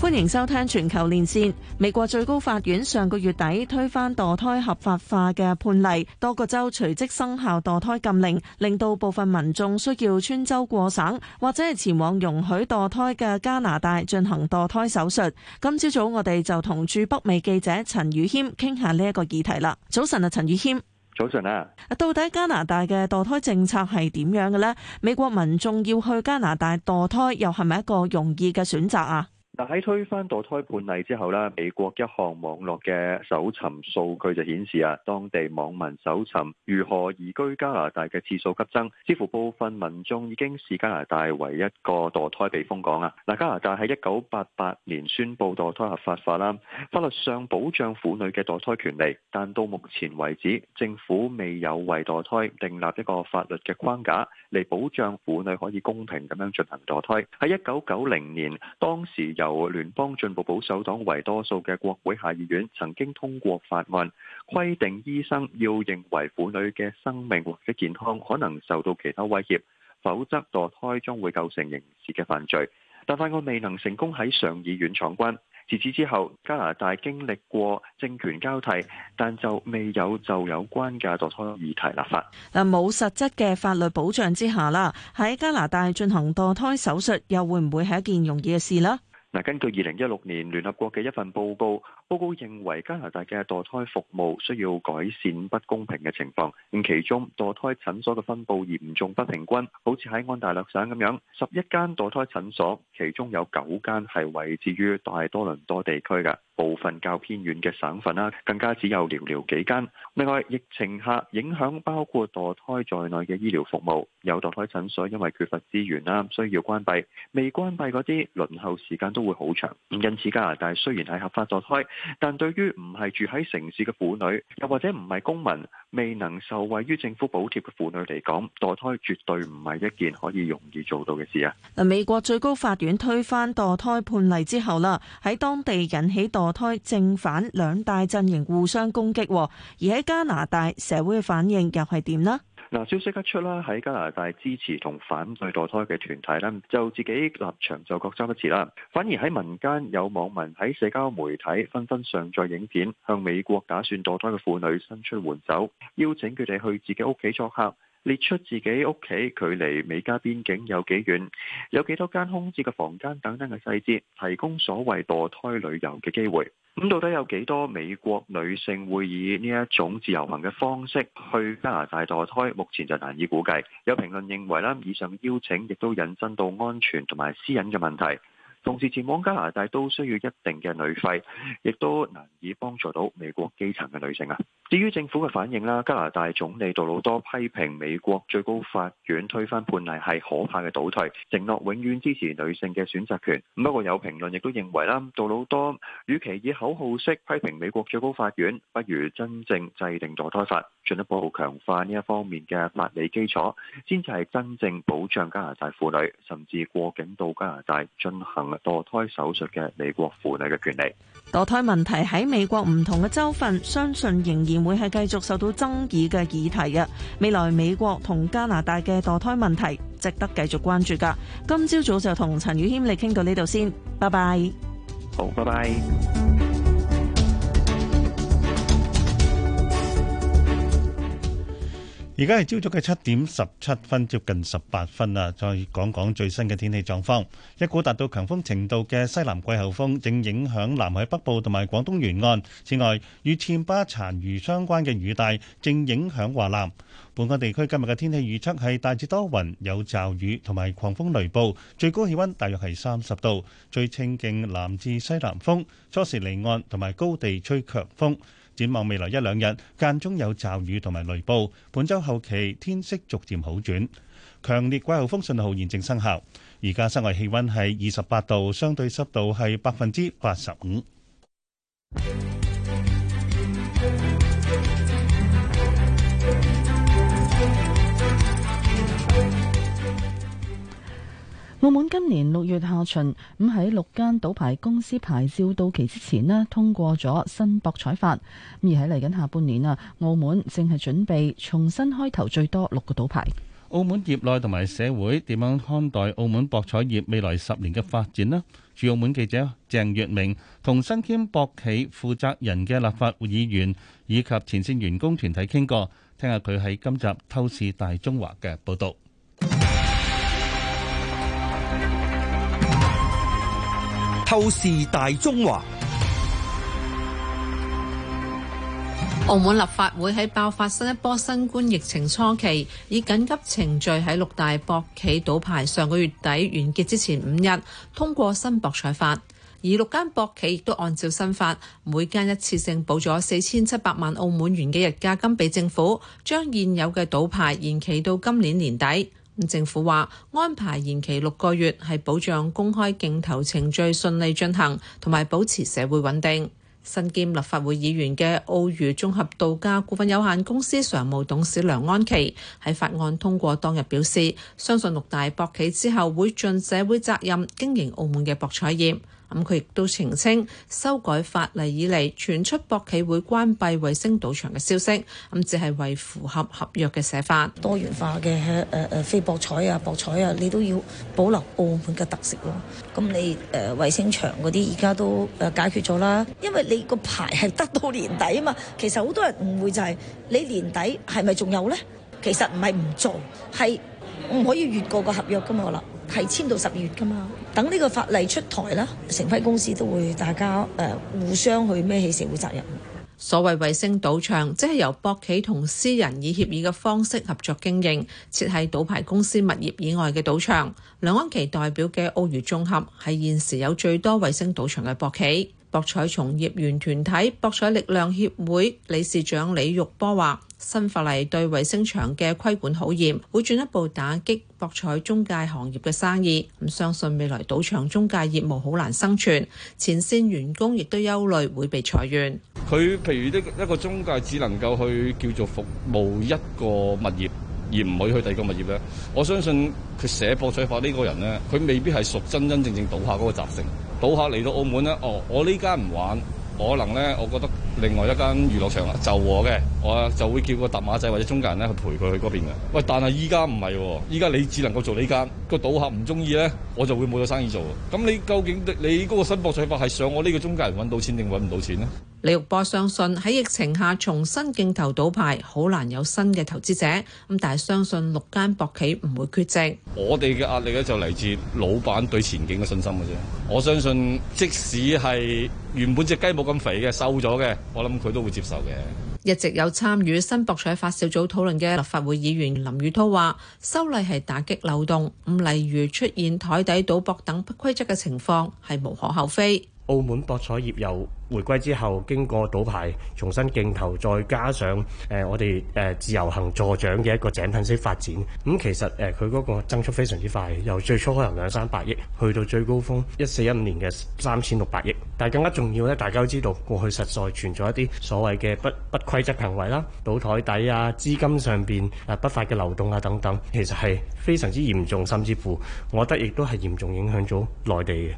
歡迎收聽全球連線。美國最高法院上個月底推翻墮胎合法化嘅判例，多個州隨即生效墮胎禁令，令到部分民眾需要穿州過省，或者係前往容許墮胎嘅加拿大進行墮胎手術。今朝早，我哋就同駐北美記者陳宇謙傾下呢一個議題啦。早晨啊，陳宇謙。早晨啊。到底加拿大嘅墮胎政策係點樣嘅呢？美國民眾要去加拿大墮胎，又係咪一個容易嘅選擇啊？但喺推翻墮胎判例之後，咧，美國一項網絡嘅搜尋數據就顯示啊，當地網民搜尋如何移居加拿大嘅次數急增，似乎部分民眾已經視加拿大為一,一個墮胎避風港啊！嗱，加拿大喺一九八八年宣布墮胎合法法，啦，法律上保障婦女嘅墮胎權利，但到目前為止，政府未有為墮胎訂立一個法律嘅框架嚟保障婦女可以公平咁樣進行墮胎。喺一九九零年，當時有由聯邦進步保守黨為多數嘅國會下議院曾經通過法案，規定醫生要認為婦女嘅生命或者健康可能受到其他威脅，否則墮胎將會構成刑事嘅犯罪。但法案未能成功喺上議院闖關。自此之後，加拿大經歷過政權交替，但就未有就有關嘅墮胎議題立法。嗱，冇實質嘅法律保障之下啦，喺加拿大進行墮胎手術又會唔會係一件容易嘅事呢？嗱，根據二零一六年聯合國嘅一份報告。報告認為加拿大嘅墮胎服務需要改善不公平嘅情況，咁其中墮胎診所嘅分布嚴重不平均，好似喺安大略省咁樣，十一間墮胎診所，其中有九間係位置於大多倫多地區嘅，部分較偏遠嘅省份啦、啊，更加只有寥寥幾間。另外，疫情下影響包括墮胎在內嘅醫療服務，有墮胎診所因為缺乏資源啦、啊，需要關閉，未關閉嗰啲輪候時間都會好長。因此，加拿大雖然係合法墮胎，但對於唔係住喺城市嘅婦女，又或者唔係公民，未能受惠於政府補貼嘅婦女嚟講，墮胎絕對唔係一件可以容易做到嘅事啊！美國最高法院推翻墮胎判例之後啦，喺當地引起墮胎正反兩大陣營互相攻擊，而喺加拿大社會嘅反應又係點呢？嗱，消息一出啦，喺加拿大支持同反對墮胎嘅團體咧，就自己立場就各執一詞啦。反而喺民間有網民喺社交媒體紛紛上載影片，向美國打算墮胎嘅婦女伸出援手，邀請佢哋去自己屋企作客。列出自己屋企距離美加邊境有幾遠，有幾多間空置嘅房間等等嘅細節，提供所謂墮胎旅遊嘅機會。咁到底有幾多美國女性會以呢一種自由行嘅方式去加拿大墮胎？目前就難以估計。有評論認為咧，以上邀請亦都引申到安全同埋私隱嘅問題。同時前往加拿大都需要一定嘅旅費，亦都難以幫助到美國基層嘅女性啊。至於政府嘅反應啦，加拿大總理杜魯多批評美國最高法院推翻判例係可怕嘅倒退，承諾永遠支持女性嘅選擇權。不過有評論亦都認為啦，杜魯多與其以口號式批評美國最高法院，不如真正制定墮胎法，進一步強化呢一方面嘅法理基礎，先至係真正保障加拿大婦女甚至過境到加拿大進行。同埋墮胎手術嘅美國婦女嘅權利。墮胎問題喺美國唔同嘅州份，相信仍然會係繼續受到爭議嘅議題嘅。未來美國同加拿大嘅墮胎問題，值得繼續關注噶。今朝早就同陳宇謙嚟傾到呢度先，拜拜。好，拜拜。而家係朝早嘅七點十七分，接近十八分啦。再講講最新嘅天氣狀況。一股達到強風程度嘅西南季候風正影響南海北部同埋廣東沿岸。此外，與暹巴殘餘相關嘅雨帶正影響華南。本港地區今日嘅天氣預測係大致多雲，有驟雨同埋狂風雷暴，最高氣溫大約係三十度，最清勁南至西南風，初時離岸同埋高地吹強風。展望未來一兩日，間中有驟雨同埋雷暴。本週後期天色逐漸好轉。強烈季候風信號現正生效。而家室外氣溫係二十八度，相對濕度係百分之八十五。澳門今年六月下旬咁，喺六間賭牌公司牌照到期之前呢，通過咗新博彩法。而喺嚟緊下半年啊，澳門正係準備重新開頭最多六個賭牌。澳門業內同埋社會點樣看待澳門博彩業未來十年嘅發展呢？駐澳門記者鄭月明同新簽博企負責人嘅立法會議員以及前線員工團體傾過，聽下佢喺今集《透視大中華》嘅報道。透視大中華。澳門立法會喺爆發新一波新冠疫情初期，以緊急程序喺六大博企賭牌上個月底完結之前五日通過新博彩法，而六間博企亦都按照新法，每間一次性補咗四千七百萬澳門元嘅溢價金俾政府，將現有嘅賭牌延期到今年年底。政府話安排延期六個月係保障公開競投程序順利進行，同埋保持社會穩定。身兼立法會議員嘅澳娛綜合度假股份有限公司常務董事梁安琪喺法案通過當日表示，相信六大博企之後會盡社會責任經營澳門嘅博彩業。咁佢亦都澄清，修改法例以嚟傳出博企會關閉衛星賭場嘅消息，咁只係為符合合約嘅寫法。多元化嘅誒誒非博彩啊，博彩啊，你都要保留澳門嘅特色咯。咁你誒、呃、衛星場嗰啲而家都誒解決咗啦。因為你個牌係得到年底啊嘛，其實好多人誤會就係、是、你年底係咪仲有呢？其實唔係唔做，係唔可以越過個合約噶嘛啦。係簽到十月㗎嘛，等呢個法例出台啦，承批公司都會大家誒、呃、互相去孭起社會責任。所謂衛星賭場，即係由博企同私人以協議嘅方式合作經營，設喺賭牌公司物業以外嘅賭場。梁安琪代表嘅澳娛綜合係現時有最多衛星賭場嘅博企。博彩從業員團體博彩力量協會理事長李玉波話：新法例對衛星場嘅規管好嚴，會進一步打擊博彩中介行業嘅生意。唔相信未來賭場中介業務好難生存，前線員工亦都憂慮會被裁員。佢譬如呢一個中介只能夠去叫做服務一個物業。而唔可去第二個物業咧，我相信佢寫博彩法呢個人咧，佢未必係屬真真正正賭客嗰個習性，賭客嚟到澳門咧，哦，我呢間唔玩。可能咧，我覺得另外一間娛樂場啊，就我嘅，我就會叫個疊碼仔或者中介人咧去陪佢去嗰邊嘅。喂，但係依家唔係喎，依家你只能夠做呢間個賭客唔中意咧，我就會冇咗生意做。咁你究竟你你嗰個新博彩法係想我呢個中介人揾到錢定揾唔到錢呢？李玉博相信喺疫情下重新競投賭牌好難有新嘅投資者咁，但係相信六間博企唔會缺席。我哋嘅壓力咧就嚟自老闆對前景嘅信心嘅啫。我相信即使係。原本隻雞冇咁肥嘅，瘦咗嘅，我諗佢都會接受嘅。一直有參與新博彩法小組討論嘅立法會議員林宇滔話，修例係打擊漏洞，唔例如出現枱底賭博等不規則嘅情況，係無可厚非。澳門博彩業由回歸之後，經過賭牌重新競投，再加上誒、呃、我哋誒、呃、自由行助長嘅一個井噴式發展，咁、嗯、其實誒佢嗰個增速非常之快，由最初可能兩三百億，去到最高峰一四一五年嘅三千六百億。但係更加重要咧，大家都知道過去實在存在一啲所謂嘅不不規則行為啦，賭台底啊，資金上邊誒、啊、不法嘅流動啊等等，其實係非常之嚴重，甚至乎我覺得亦都係嚴重影響咗內地嘅。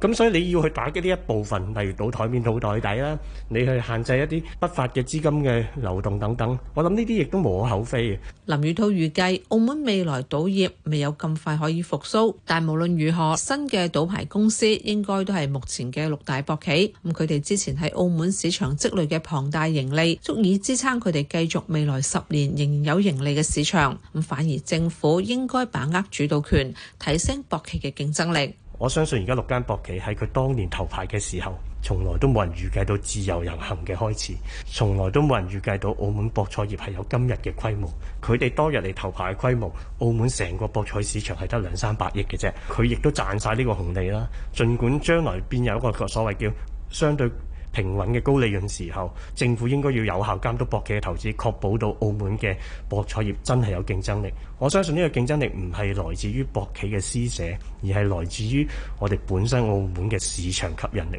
咁所以你要去打擊呢一部分，例如倒枱面、倒枱底啦，你去限制一啲不法嘅資金嘅流動等等。我諗呢啲亦都無可厚非。林宇滔預計澳門未來賭業未有咁快可以復甦，但無論如何，新嘅賭牌公司應該都係目前嘅六大博企。咁佢哋之前喺澳門市場積累嘅龐大盈利，足以支撐佢哋繼續未來十年仍然有盈利嘅市場。咁反而政府應該把握主導權，提升博企嘅競爭力。我相信而家六間博企喺佢當年投牌嘅時候，從來都冇人預計到自由人行嘅開始，從來都冇人預計到澳門博彩業係有今日嘅規模。佢哋當日嚟投牌嘅規模，澳門成個博彩市場係得兩三百億嘅啫。佢亦都賺晒呢個紅利啦。儘管將來變有一個所謂叫相對平穩嘅高利潤時候，政府應該要有效監督博企嘅投資，確保到澳門嘅博彩業真係有競爭力。我相信呢個競爭力唔係來自於博企嘅施捨，而係來自於我哋本身澳門嘅市場吸引力。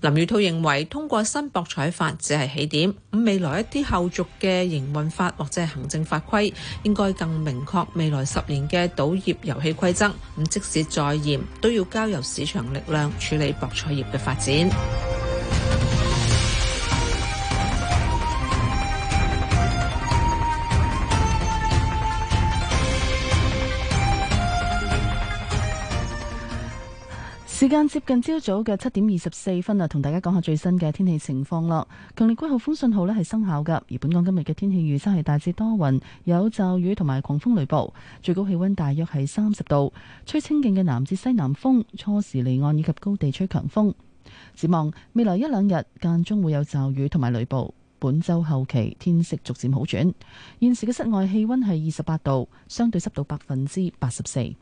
林宇滔認為，通過新博彩法只係起點，咁未來一啲後續嘅營運法或者行政法規應該更明確未來十年嘅賭業遊戲規則。咁即使再嚴，都要交由市場力量處理博彩業嘅發展。時間接近朝早嘅七點二十四分啊，同大家講下最新嘅天氣情況啦。強烈季候風信號呢係生效㗎，而本港今日嘅天氣預測係大致多雲，有驟雨同埋狂風雷暴，最高氣溫大約係三十度，吹清勁嘅南至西南風，初時離岸以及高地吹強風。展望未來一兩日間中會有驟雨同埋雷暴，本周後期天色逐漸好轉。現時嘅室外氣溫係二十八度，相對濕度百分之八十四。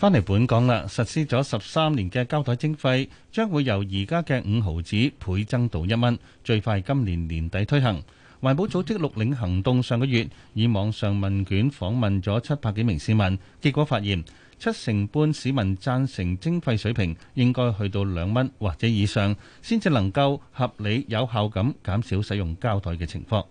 返嚟本港啦，實施咗十三年嘅膠袋徵費，將會由而家嘅五毫紙倍增到一蚊，最快今年年底推行。環保組織綠領行動上個月以網上問卷訪問咗七百幾名市民，結果發現七成半市民贊成徵費水平應該去到兩蚊或者以上，先至能夠合理有效咁減少使用膠袋嘅情況。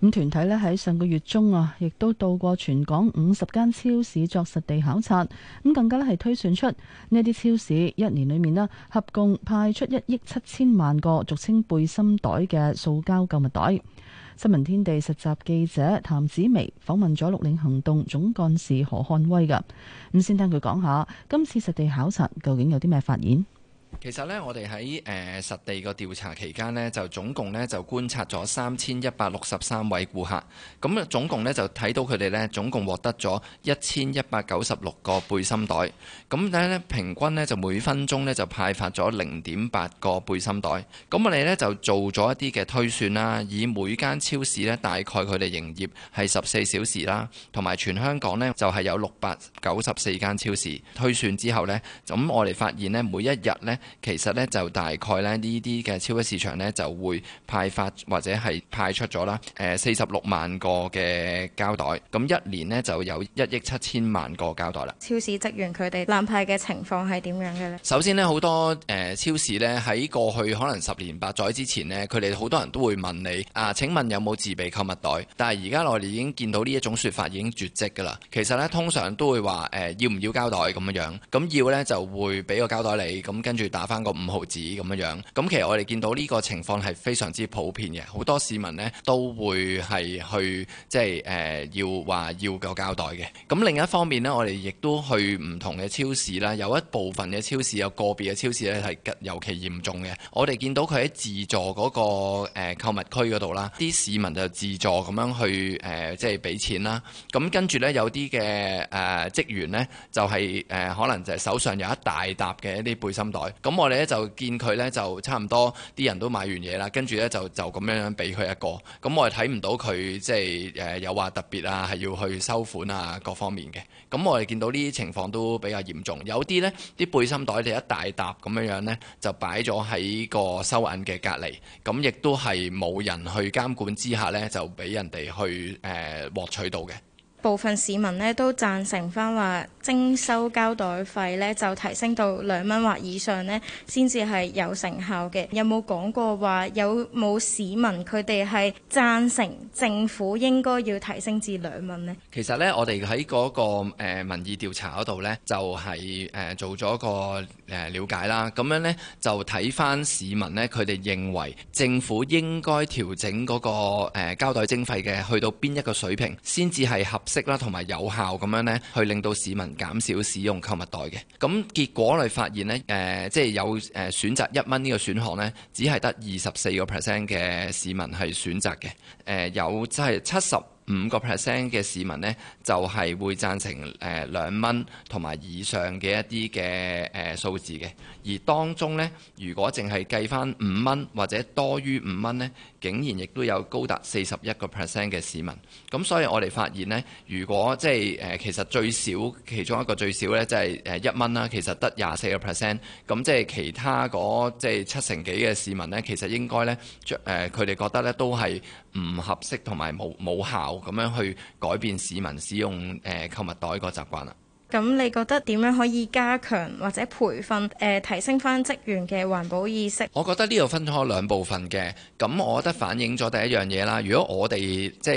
咁團體咧喺上個月中啊，亦都到過全港五十間超市作實地考察。咁更加咧係推算出呢啲超市一年裏面咧合共派出一億七千萬個俗稱背心袋嘅塑膠購物袋。新聞天地實習記者譚子薇訪問咗綠領行動總幹事何漢威噶。咁先聽佢講下今次實地考察究竟有啲咩發現。其實呢，我哋喺誒實地個調查期間呢，就總共呢，就觀察咗三千一百六十三位顧客，咁啊總共呢，就睇到佢哋呢，總共獲得咗一千一百九十六個背心袋，咁呢，平均呢，就每分鐘呢，就派發咗零點八個背心袋，咁我哋呢，就做咗一啲嘅推算啦，以每間超市呢，大概佢哋營業係十四小時啦，同埋全香港呢，就係有六百九十四間超市，推算之後呢，咁我哋發現呢，每一日呢。其實咧就大概咧呢啲嘅超級市場咧就會派發或者係派出咗啦，誒四十六萬個嘅膠袋，咁一年呢，就有一億七千萬個膠袋啦。超市職員佢哋濫派嘅情況係點樣嘅呢？首先呢，好多誒、呃、超市呢，喺過去可能十年八載之前呢，佢哋好多人都會問你啊，請問有冇自備購物袋？但係而家內地已經見到呢一種說法已經絕迹噶啦。其實呢，通常都會話誒、呃、要唔要膠袋咁樣樣，咁要呢，就會俾個膠袋你，咁跟住。打翻個五毫紙咁樣樣，咁其實我哋見到呢個情況係非常之普遍嘅，好多市民呢都會係去即係誒、呃、要話要個膠袋嘅。咁另一方面呢，我哋亦都去唔同嘅超市啦，有一部分嘅超市有個別嘅超市呢係尤其嚴重嘅。我哋見到佢喺自助嗰個誒購物區嗰度啦，啲市民就自助咁樣去誒、呃、即係俾錢啦。咁跟住呢，有啲嘅誒職員呢，就係、是、誒、呃、可能就係手上有一大沓嘅一啲背心袋。咁我哋咧就見佢咧就差唔多啲人都買完嘢啦，跟住咧就就咁樣樣俾佢一個。咁我哋睇唔到佢即係誒、呃、有話特別啊，係要去收款啊各方面嘅。咁我哋見到呢啲情況都比較嚴重，有啲呢啲背心袋就一大沓咁樣樣呢，就擺咗喺個收銀嘅隔離，咁、嗯、亦都係冇人去監管之下呢，就俾人哋去誒獲、呃、取到嘅。部分市民呢都贊成翻話，徵收膠袋費呢就提升到兩蚊或以上呢先至係有成效嘅。有冇講過話有冇市民佢哋係贊成政府應該要提升至兩蚊呢？其實呢，我哋喺嗰個誒民意調查嗰度，就是、呢，就係誒做咗個誒了解啦。咁樣呢就睇翻市民呢，佢哋認為政府應該調整嗰個誒膠袋徵費嘅去到邊一個水平先至係合式啦，同埋有，有效咁樣呢，去令到市民減少使用購物袋嘅。咁結果你發現呢，誒、呃，即係有誒選擇一蚊呢個選項呢，只係得二十四個 percent 嘅市民係選擇嘅。誒、呃，有即係七十五個 percent 嘅市民呢，就係、是、會贊成誒兩蚊同埋以上嘅一啲嘅誒數字嘅。而當中呢，如果淨係計翻五蚊或者多於五蚊呢，竟然亦都有高達四十一個 percent 嘅市民。咁、嗯、所以我哋發現呢，如果即係誒、呃、其實最少其中一個最少咧，即係誒一蚊啦，其實得廿四個 percent。咁、嗯、即係其他嗰即係七成幾嘅市民呢，其實應該呢誒佢哋覺得咧都係唔合適同埋冇冇效。咁樣去改變市民使用誒購物袋個習慣啦。咁你覺得點樣可以加強或者培訓誒、呃、提升翻職員嘅環保意識？我覺得呢度分開兩部分嘅。咁我覺得反映咗第一樣嘢啦。如果我哋即係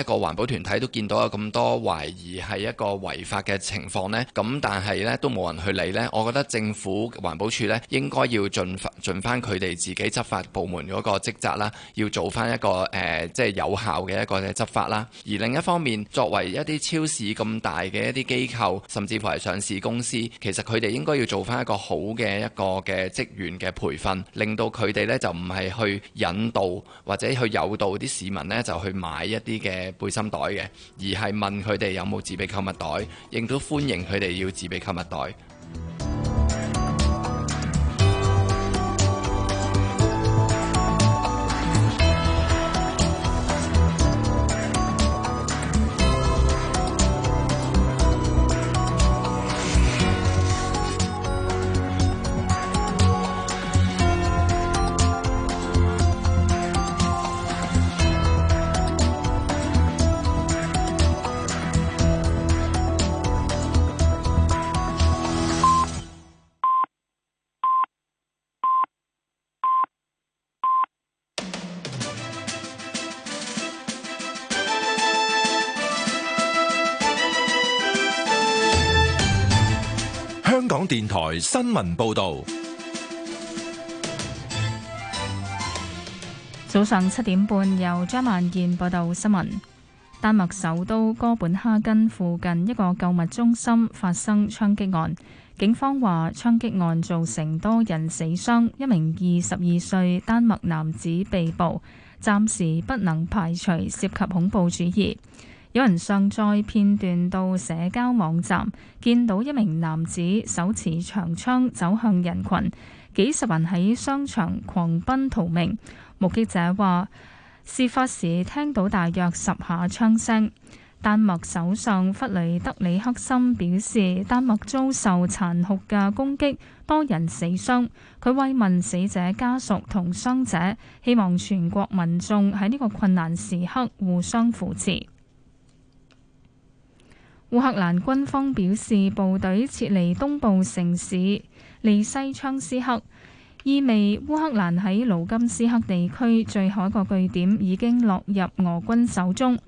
一個環保團體都見到有咁多懷疑係一個違法嘅情況呢，咁但係呢都冇人去理呢。我覺得政府環保署呢應該要盡盡翻佢哋自己執法部門嗰個職責啦，要做翻一個誒即係有效嘅一個嘅執法啦。而另一方面，作為一啲超市咁大嘅一啲機構，甚至乎係上市公司，其實佢哋應該要做翻一個好嘅一個嘅職員嘅培訓，令到佢哋呢就唔係去引導或者去誘導啲市民呢就去買一啲嘅背心袋嘅，而係問佢哋有冇自備購物袋，亦都歡迎佢哋要自備購物袋。新聞報道。早上七點半，由張萬燕報道新聞。丹麥首都哥本哈根附近一個購物中心發生槍擊案，警方話槍擊案造成多人死傷，一名二十二歲丹麥男子被捕，暫時不能排除涉及恐怖主義。有人上載片段到社交網站，見到一名男子手持長槍走向人群，幾十人喺商場狂奔逃命。目擊者話，事發時聽到大約十下槍聲。丹麥首相弗里德里克森表示，丹麥遭受殘酷嘅攻擊，多人死傷。佢慰問死者家屬同傷者，希望全國民眾喺呢個困難時刻互相扶持。烏克蘭軍方表示，部隊撤離東部城市利西昌斯克，意味烏克蘭喺盧甘斯克地區最後一個據點已經落入俄軍手中。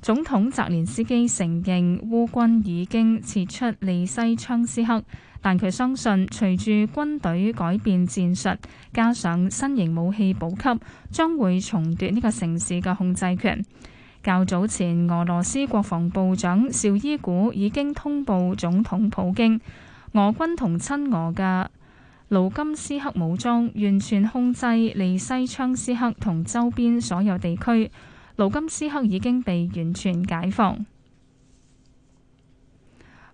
總統澤連斯基承認烏軍已經撤出利西昌斯克，但佢相信，隨住軍隊改變戰術，加上新型武器補給，將會重奪呢個城市嘅控制權。較早前，俄羅斯國防部長紹伊古已經通報總統普京，俄軍同親俄嘅盧甘斯克武裝完全控制利西昌斯克同周邊所有地區。盧甘斯克已經被完全解放。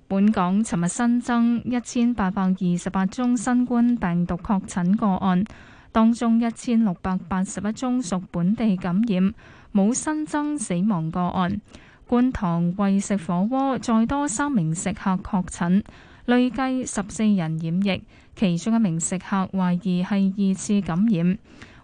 本港尋日新增一千八百二十八宗新冠病毒確診個案，當中一千六百八十一宗屬本地感染。冇新增死亡個案，觀塘為食火鍋再多三名食客確診，累計十四人染疫，其中一名食客懷疑係二次感染。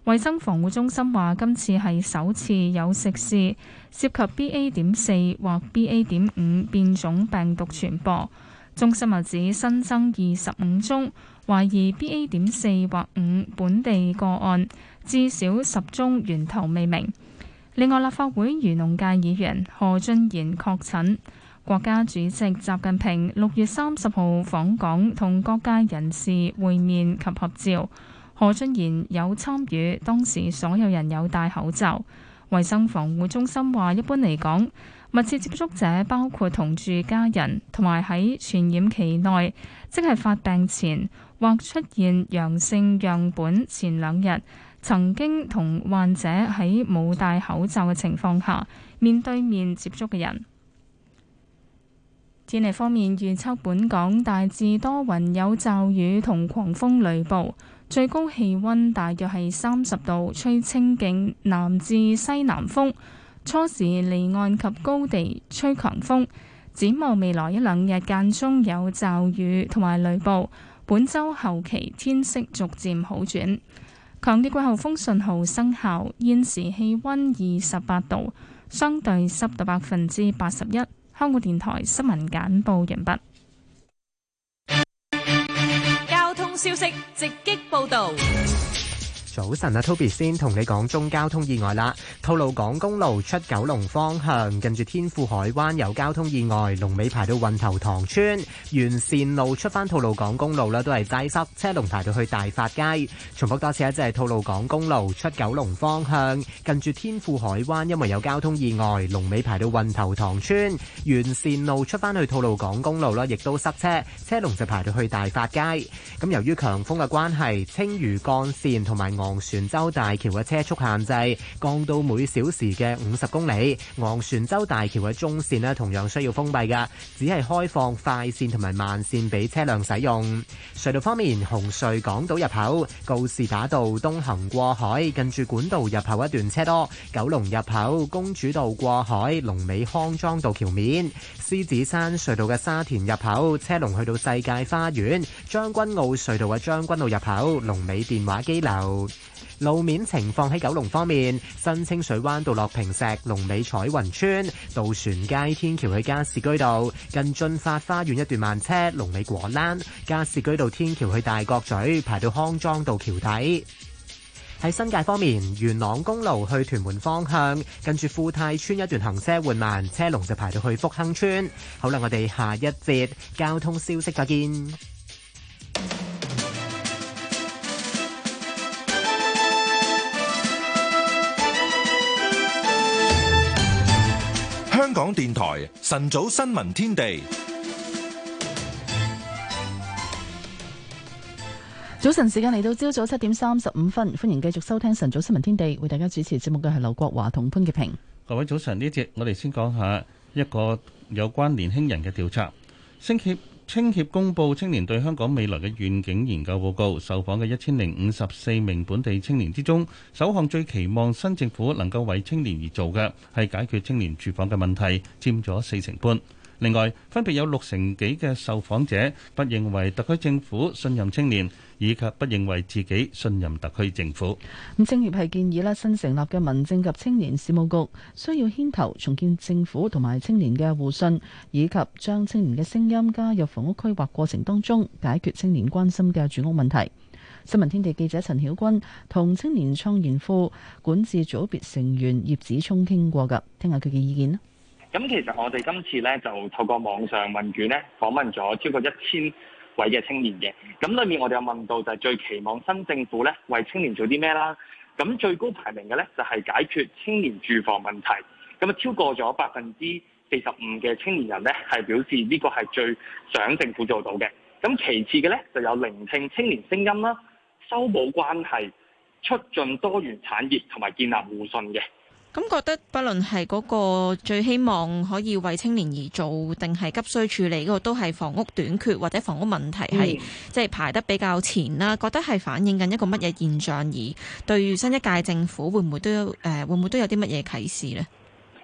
衛生防護中心話：今次係首次有食肆涉及 BA 點四或 BA 點五變種病毒傳播。中心又指新增二十五宗懷疑 BA 點四或五本地個案，至少十宗源頭未明。另外，立法會漁農界議員何俊賢確診。國家主席習近平六月三十號訪港，同各界人士會面及合照。何俊賢有參與，當時所有人有戴口罩。衛生防護中心話，一般嚟講，密切接觸者包括同住家人，同埋喺傳染期內，即係發病前或出現陽性樣本前兩日，曾經同患者喺冇戴口罩嘅情況下面對面接觸嘅人。天氣方面預測，本港大致多雲有驟雨同狂風雷暴，最高氣溫大約係三十度，吹清勁南至西南風，初時離岸及高地吹強風。展望未來一兩日間中有驟雨同埋雷暴，本週後期天色逐漸好轉。強烈季候風信號生效，現時氣溫二十八度，相對濕度百分之八十一。香港電台新聞簡報完畢。交通消息直擊報道。早晨啊，Toby 先同你講中交通意外啦。吐露港公路出九龍方向，近住天富海灣有交通意外，龍尾排到運頭塘村，沿線路出翻吐露港公路啦，都係擠塞，車龍排到去大發街。重複多次啊，即係吐露港公路出九龍方向，近住天富海灣，因為有交通意外，龍尾排到運頭塘村，沿線路出翻去吐露港公路啦，亦都塞車，車龍就排到去大發街。咁由於強風嘅關係，青嶼幹線同埋我，昂船洲大橋嘅車速限制降到每小時嘅五十公里。昂船洲大橋嘅中線呢，同樣需要封閉嘅，只係開放快線同埋慢線俾車輛使用。隧道方面，紅隧港島入口告士打道東行過海，近住管道入口一段車多；九龍入口公主道過海，龍尾康莊道橋面；獅子山隧道嘅沙田入口車龍去到世界花園；將軍澳隧道嘅將軍澳入口龍尾電話機樓。路面情況喺九龍方面，新清水灣到落坪石、龍尾彩雲村、渡船街天橋去加士居道，近駿發花園一段慢車，龍尾果欄；加士居道天橋去大角咀，排到康莊道橋底。喺新界方面，元朗公路去屯門方向，跟住富泰村一段行車緩慢，車龍就排到去福亨村。好啦，我哋下一節交通消息再見。港電台晨早新聞天地，早晨時間嚟到朝早七點三十五分，歡迎繼續收聽晨早新聞天地，為大家主持節目嘅係劉國華同潘潔平。各位早晨，呢節我哋先講下一個有關年輕人嘅調查。星期青協公布青年對香港未來嘅願景研究報告，受訪嘅一千零五十四名本地青年之中，首項最期望新政府能夠為青年而做嘅，係解決青年住房嘅問題，佔咗四成半。另外，分別有六成幾嘅受訪者不認為特區政府信任青年，以及不認為自己信任特區政府。咁政協係建議啦，新成立嘅民政及青年事務局需要牽頭重建政府同埋青年嘅互信，以及將青年嘅聲音加入房屋規劃過程當中，解決青年關心嘅住屋問題。新聞天地記者陳曉君同青年創研庫管治組別成員葉子聰傾過㗎，聽下佢嘅意見。咁其實我哋今次咧就透過網上問卷咧訪問咗超過一千位嘅青年嘅，咁裏面我哋有問到就係最期望新政府咧為青年做啲咩啦，咁最高排名嘅咧就係解決青年住房問題，咁啊超過咗百分之四十五嘅青年人咧係表示呢個係最想政府做到嘅，咁其次嘅咧就有聆聽青年聲音啦、修補關係、促進多元產業同埋建立互信嘅。咁覺得，不論係嗰個最希望可以為青年而做，定係急需處理嗰個，都係房屋短缺或者房屋問題係即係排得比較前啦。嗯、覺得係反映緊一個乜嘢現象而對於新一屆政府會唔會都有誒，會唔會都有啲乜嘢啟示呢？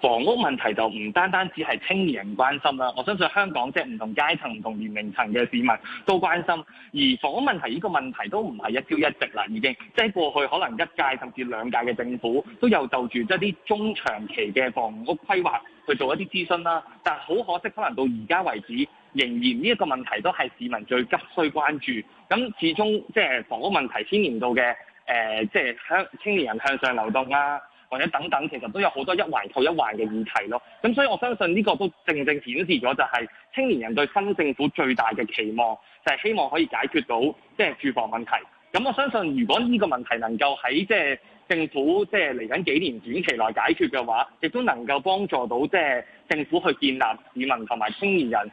房屋問題就唔單單只係青年人關心啦，我相信香港即係唔同階層、唔同年齡層嘅市民都關心。而房屋問題呢個問題都唔係一朝一夕啦，已經即係、就是、過去可能一屆甚至兩屆嘅政府都有就住即係啲中長期嘅房屋規劃去做一啲諮詢啦。但係好可惜，可能到而家為止，仍然呢一個問題都係市民最急需關注。咁始終即係房屋問題牽連到嘅誒，即係向青年人向上流動啦。或者等等，其實都有好多一環套一環嘅議題咯。咁所以我相信呢個都正正顯示咗，就係青年人對新政府最大嘅期望就係、是、希望可以解決到即係、呃、住房問題。咁我相信，如果呢個問題能夠喺即係政府即係嚟緊幾年短期內解決嘅話，亦都能夠幫助到即係、呃、政府去建立市民同埋青年人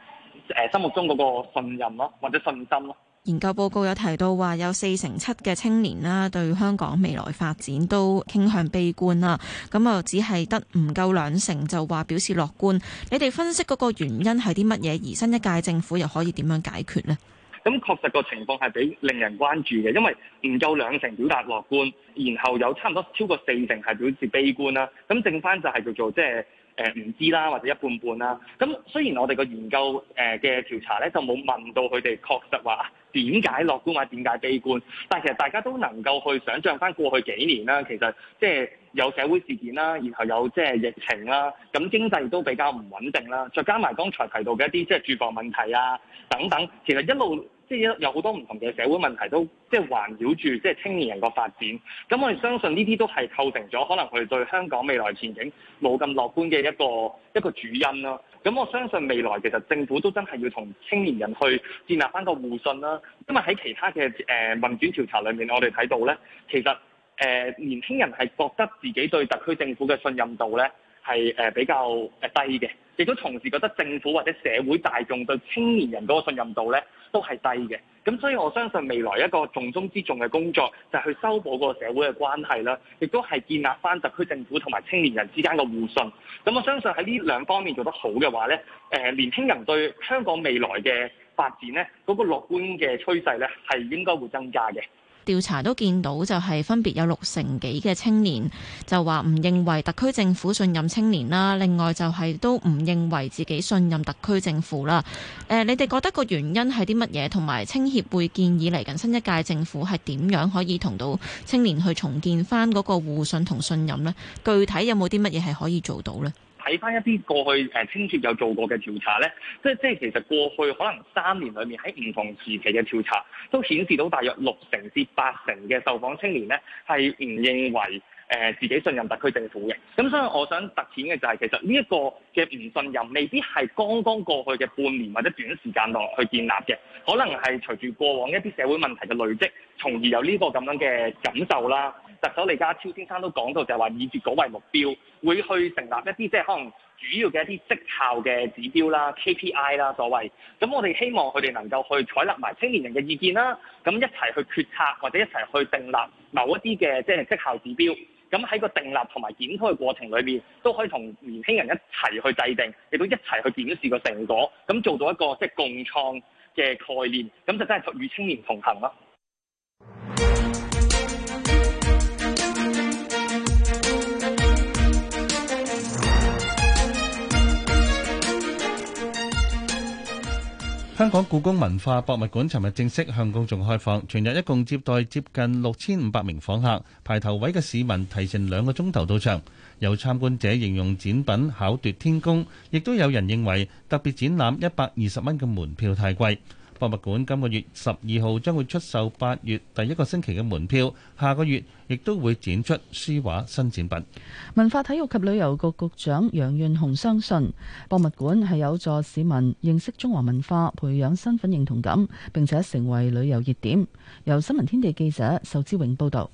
誒、呃、心目中嗰個信任咯，或者信心咯。研究報告有提到話，有四成七嘅青年啦，對香港未來發展都傾向悲觀啦。咁啊，只係得唔夠兩成就話表示樂觀。你哋分析嗰個原因係啲乜嘢？而新一屆政府又可以點樣解決呢？咁確實個情況係比令人關注嘅，因為唔夠兩成表達樂觀，然後有差唔多超過四成係表示悲觀啦。咁剩翻就係叫做，即係。誒唔、呃、知啦，或者一半半啦。咁、嗯、雖然我哋個研究誒嘅、呃、調查咧，就冇問到佢哋確實話啊點解樂觀或點解悲觀，但係其實大家都能夠去想像返過去幾年啦，其實即係。有社會事件啦，然後有即係疫情啦，咁經濟都比較唔穩定啦，再加埋剛才提到嘅一啲即係住房問題啊等等，其實一路即係有好多唔同嘅社會問題都即係環繞住即係青年人個發展。咁我哋相信呢啲都係構成咗可能佢哋對香港未來前景冇咁樂觀嘅一個一個主因啦。咁我相信未來其實政府都真係要同青年人去建立返個互信啦。因為喺其他嘅誒問卷調查裏面，我哋睇到呢其實。誒年輕人係覺得自己對特區政府嘅信任度呢係誒比較誒低嘅，亦都同時覺得政府或者社會大眾對青年人嗰個信任度呢都係低嘅。咁所以我相信未來一個重中之重嘅工作就係去修補個社會嘅關係啦，亦都係建立翻特區政府同埋青年人之間嘅互信。咁我相信喺呢兩方面做得好嘅話呢，誒年輕人對香港未來嘅發展呢，嗰個樂觀嘅趨勢呢係應該會增加嘅。調查都見到就係分別有六成幾嘅青年就話唔認為特區政府信任青年啦，另外就係都唔認為自己信任特區政府啦。誒、呃，你哋覺得個原因係啲乜嘢？同埋青協會建議嚟緊新一屆政府係點樣可以同到青年去重建翻嗰個互信同信任呢？具體有冇啲乜嘢係可以做到呢？睇返一啲過去誒青協有做過嘅調查咧，即係即係其實過去可能三年裏面喺唔同時期嘅調查都顯示到，大約六成至八成嘅受訪青年咧係唔認為。誒、呃、自己信任特區政府嘅，咁所以我想突顯嘅就係、是、其實呢一個嘅唔信任未必係剛剛過去嘅半年或者短時間內去建立嘅，可能係隨住過往一啲社會問題嘅累積，從而有呢個咁樣嘅感受啦。特首李家超先生都講到就係話以結果為目標，會去成立一啲即係可能主要嘅一啲績效嘅指標啦、KPI 啦所謂。咁我哋希望佢哋能夠去採納埋青年人嘅意見啦，咁一齊去決策或者一齊去訂立某一啲嘅即係績效指標。咁喺個訂立同埋檢討嘅過程裏面，都可以同年輕人一齊去制定，亦都一齊去檢視個成果，咁做到一個即係共創嘅概念，咁就真係與青年同行咯。香港故宮文化博物館尋日正式向公眾開放，全日一共接待接近六千五百名訪客。排頭位嘅市民提前兩個鐘頭到場，有參觀者形容展品巧奪天工，亦都有人認為特別展覽一百二十蚊嘅門票太貴。博物館今個月十二號將會出售八月第一個星期嘅門票，下個月亦都會展出書畫新展品。文化體育及旅遊局局，局長楊潤雄相信，博物館係有助市民認識中華文化，培養身份認同感，並且成為旅遊熱點。由新聞天地記者壽之永報導。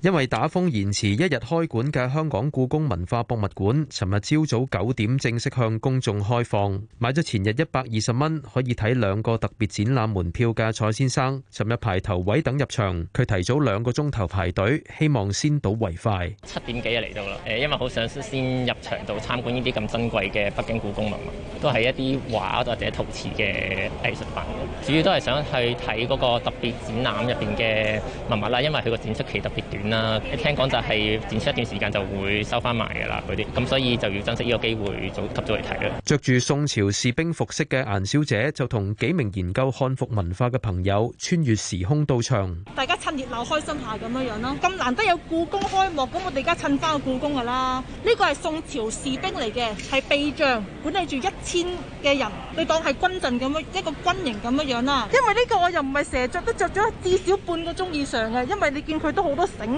因為打風延遲一日開館嘅香港故宮文化博物館，尋日朝早九點正式向公眾開放。買咗前日一百二十蚊可以睇兩個特別展覽門票嘅蔡先生，尋日排頭位等入場。佢提早兩個鐘頭排隊，希望先睹為快。七點幾就嚟到啦，誒，因為好想先入場度參觀呢啲咁珍貴嘅北京故宮文物，都係一啲畫或者陶瓷嘅藝術品。主要都係想去睇嗰個特別展覽入邊嘅文物啦，因為佢個展出期特別短。啦，聽講就係展出一段時間就會收翻埋嘅啦，嗰啲咁，所以就要珍惜呢個機會早及早嚟睇啦。着住宋朝士兵服飾嘅顏小姐就同幾名研究漢服文化嘅朋友穿越時空到場，大家趁熱鬧開心下咁樣樣啦。咁難得有故宮開幕，咁我哋而家趁翻個故宮㗎啦。呢個係宋朝士兵嚟嘅，係裨將管理住一千嘅人，你當係軍陣咁樣一個軍營咁樣樣啦。因為呢個我又唔係成日着，都着咗至少半個鐘以上嘅，因為你見佢都好多繩。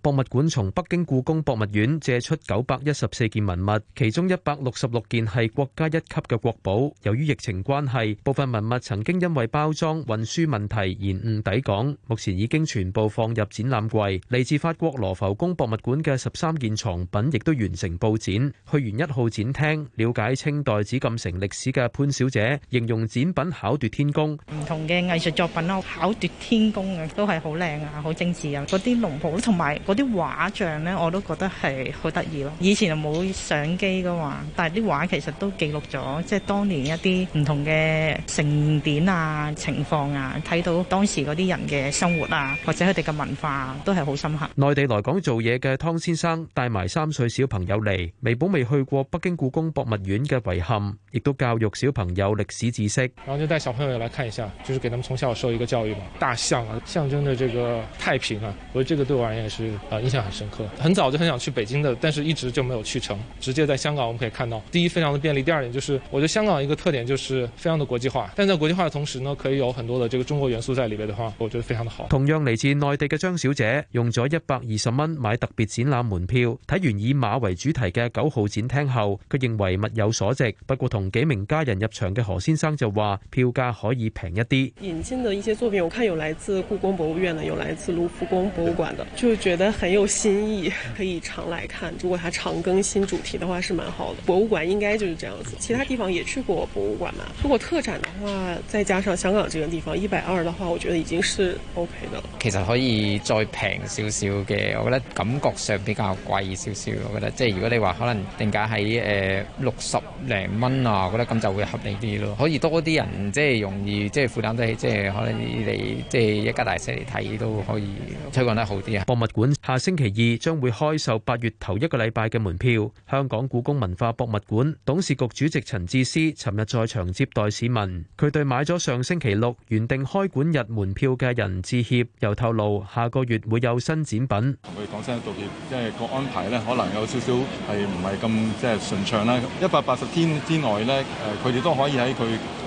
博物館從北京故宮博物院借出九百一十四件文物，其中一百六十六件係國家一級嘅國寶。由於疫情關係，部分文物曾經因為包裝運輸問題延誤抵港，目前已經全部放入展覽櫃。嚟自法國羅浮宮博物館嘅十三件藏品亦都完成布展。去完一號展廳，了解清代紫禁城歷史嘅潘小姐形容展品巧奪天工，唔同嘅藝術作品咯，巧奪天工嘅都係好靚啊，好精緻啊，嗰啲龍袍啦，同埋。嗰啲畫像呢，我都覺得係好得意咯。以前又冇相機噶嘛，但係啲畫其實都記錄咗，即係當年一啲唔同嘅盛典啊、情況啊，睇到當時嗰啲人嘅生活啊，或者佢哋嘅文化啊，都係好深刻。內地來港做嘢嘅湯先生帶埋三歲小朋友嚟，彌補未去過北京故宮博物院嘅遺憾，亦都教育小朋友歷史知識。然後就帶小朋友嚟看一下，就是給他們從小受一個教育。大象啊，象徵著這個太平啊，我覺得這個對我而言是。啊，印象很深刻，很早就很想去北京的，但是一直就沒有去成。直接在香港，我們可以看到，第一非常的便利，第二點就是，我覺得香港一個特點就是非常的國際化。但在國際化的同時呢，可以有很多的這個中國元素在裏邊的話，我覺得非常的好。同樣來自內地嘅張小姐，用咗一百二十蚊買特別展覽門票，睇完以馬為主題嘅九號展廳後，佢認為物有所值。不過同幾名家人入場嘅何先生就話，票價可以平一啲。引進的一些作品，我看有來自故宮博物院的，有來自盧浮宮博物館的，就覺得。很有新意，可以常來看。如果他常更新主題的話，是蠻好的。博物館應該就是這樣子，其他地方也去過博物館嘛。如果特展的話，再加上香港這個地方一百二的話，我覺得已經是 OK 的了。其實可以再平少少嘅，我覺得感覺上比較貴少少。我覺得即係如果你話可能定價喺誒六十零蚊啊，我覺得咁就會合理啲咯。可以多啲人即係容易即係負擔得起，即係可能你即係一家大細嚟睇都可以推廣得好啲啊。博物館。下星期二將會開售八月頭一個禮拜嘅門票。香港故宮文化博物館董事局主席陳智思尋日在場接待市民，佢對買咗上星期六原定開館日門票嘅人致歉，又透露下個月會有新展品。我哋講聲道歉，即係個安排呢可能有少少係唔係咁即係順暢啦。一百八十天之內呢，誒佢哋都可以喺佢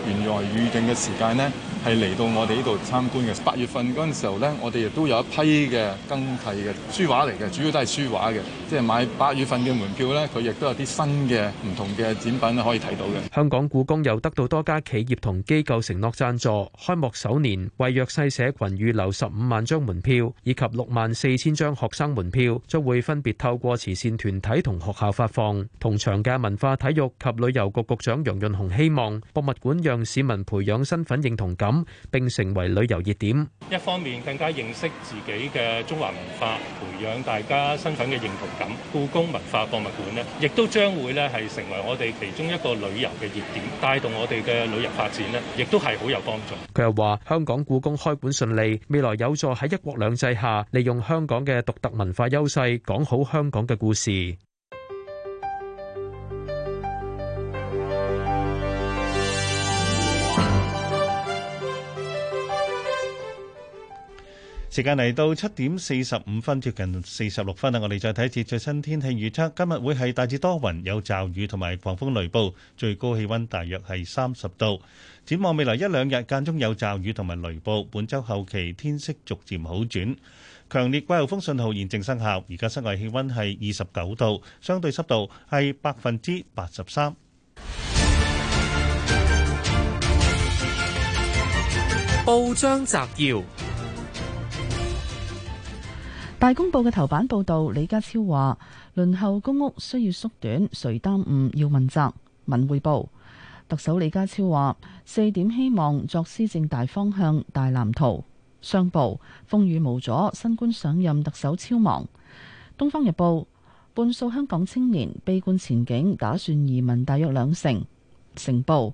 原來預定嘅時間呢。係嚟到我哋呢度參觀嘅。八月份嗰陣時候呢，我哋亦都有一批嘅更替嘅書畫嚟嘅，主要都係書畫嘅。即係買八月份嘅門票呢，佢亦都有啲新嘅唔同嘅展品可以睇到嘅。香港故宮又得到多家企業同機構承諾贊助，開幕首年為弱勢社群預留十五萬張門票，以及六萬四千張學生門票，將會分別透過慈善團體同學校發放。同場嘅文化體育及旅遊局局長楊潤雄希望博物館讓市民培養身份認同感，並成為旅遊熱點。一方面更加認識自己嘅中華文化，培養大家身份嘅認同感。故宮文化博物館咧，亦都將會咧係成為我哋其中一個旅遊嘅熱點，帶動我哋嘅旅遊發展咧，亦都係好有幫助。佢又話：香港故宮開館順利，未來有助喺一國兩制下利用香港嘅獨特文化優勢，講好香港嘅故事。時間嚟到七點四十五分，接近四十六分啦。我哋再睇一次最新天氣預測，今日會係大致多雲，有驟雨同埋狂風雷暴，最高氣溫大約係三十度。展望未來一兩日間中有驟雨同埋雷暴，本周後期天色逐漸好轉。強烈季候風信號現正生效，而家室外氣溫係二十九度，相對濕度係百分之八十三。報章摘要。大公報嘅頭版報導，李家超話：輪候公屋需要縮短，誰耽誤要問責。文匯報，特首李家超話：四點希望作施政大方向大藍圖。商報，風雨無阻，新官上任特首超忙。東方日報，半數香港青年悲觀前景，打算移民大約兩成。成報，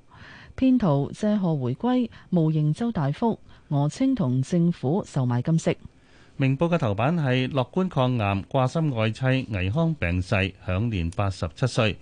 騙徒借賀回歸冒認周大福，訛稱同政府售賣金飾。明報嘅頭版係樂觀抗癌掛心愛妻，倪匡病逝，享年八十七歲。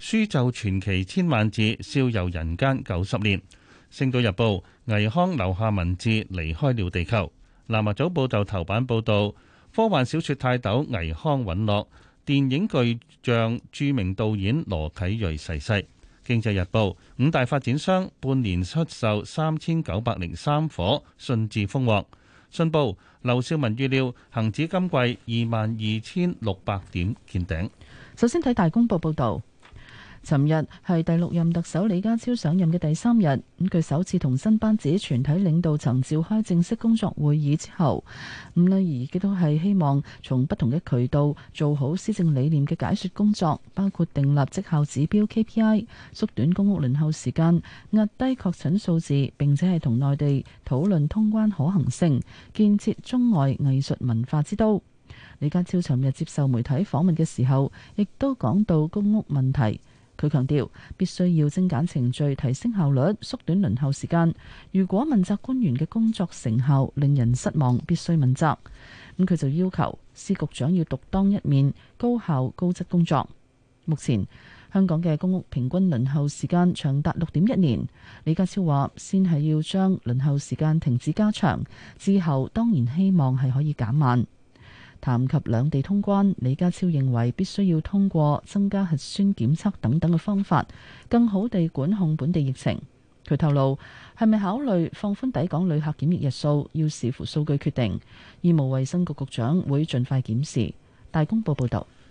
書就傳奇千萬字，笑遊人間九十年。星島日報，倪匡留下文字離開了地球。南華早報就頭版報導，科幻小説泰斗倪匡殞落。電影巨匠著名導演羅啟銳逝世，世。經濟日報，五大發展商半年出售三千九百零三火，順治豐獲。信報，劉少文預料恒指今季二萬二千六百點見頂。首先睇大公報報導。尋日係第六任特首李家超上任嘅第三日，咁佢首次同新班子全體領導層召開正式工作會議之後，吳麗儀亦都係希望從不同嘅渠道做好施政理念嘅解說工作，包括訂立績效指標 KPI、縮短公屋輪候時間、壓低確診數字，並且係同內地討論通關可行性，建設中外藝術文化之都。李家超尋日接受媒體訪問嘅時候，亦都講到公屋問題。佢強調必須要精簡程序，提升效率，縮短輪候時間。如果問責官員嘅工作成效令人失望，必須問責。咁佢就要求司局長要獨當一面，高效高質工作。目前香港嘅公屋平均輪候時間長達六點一年。李家超話：先係要將輪候時間停止加長，之後當然希望係可以減慢。談及兩地通關，李家超認為必須要通過增加核酸檢測等等嘅方法，更好地管控本地疫情。佢透露係咪考慮放寬抵港旅客檢疫日數，要視乎數據決定。醫務衛生局局長會盡快檢視。大公報報道。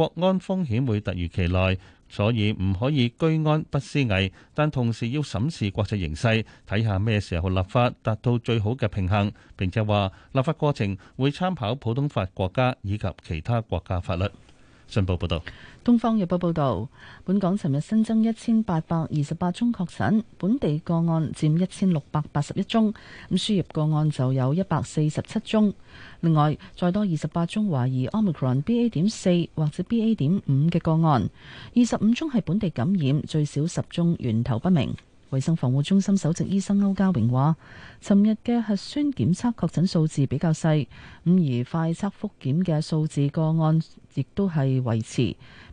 國安風險會突如其來，所以唔可以居安不思危，但同時要審視國際形勢，睇下咩時候立法達到最好嘅平衡，並且話立法過程會參考普通法國家以及其他國家法律。信報報導，東方日報報導，本港尋日新增一千八百二十八宗確診，本地個案佔一千六百八十一宗，咁輸入個案就有一百四十七宗。另外，再多二十八宗懷疑 Omicron BA. 點四或者 BA. 點五嘅個案，二十五宗係本地感染，最少十宗源頭不明。衛生防護中心首席醫生歐家榮話，尋日嘅核酸檢測確診數字比較細，咁而快測複檢嘅數字個案亦都係維持。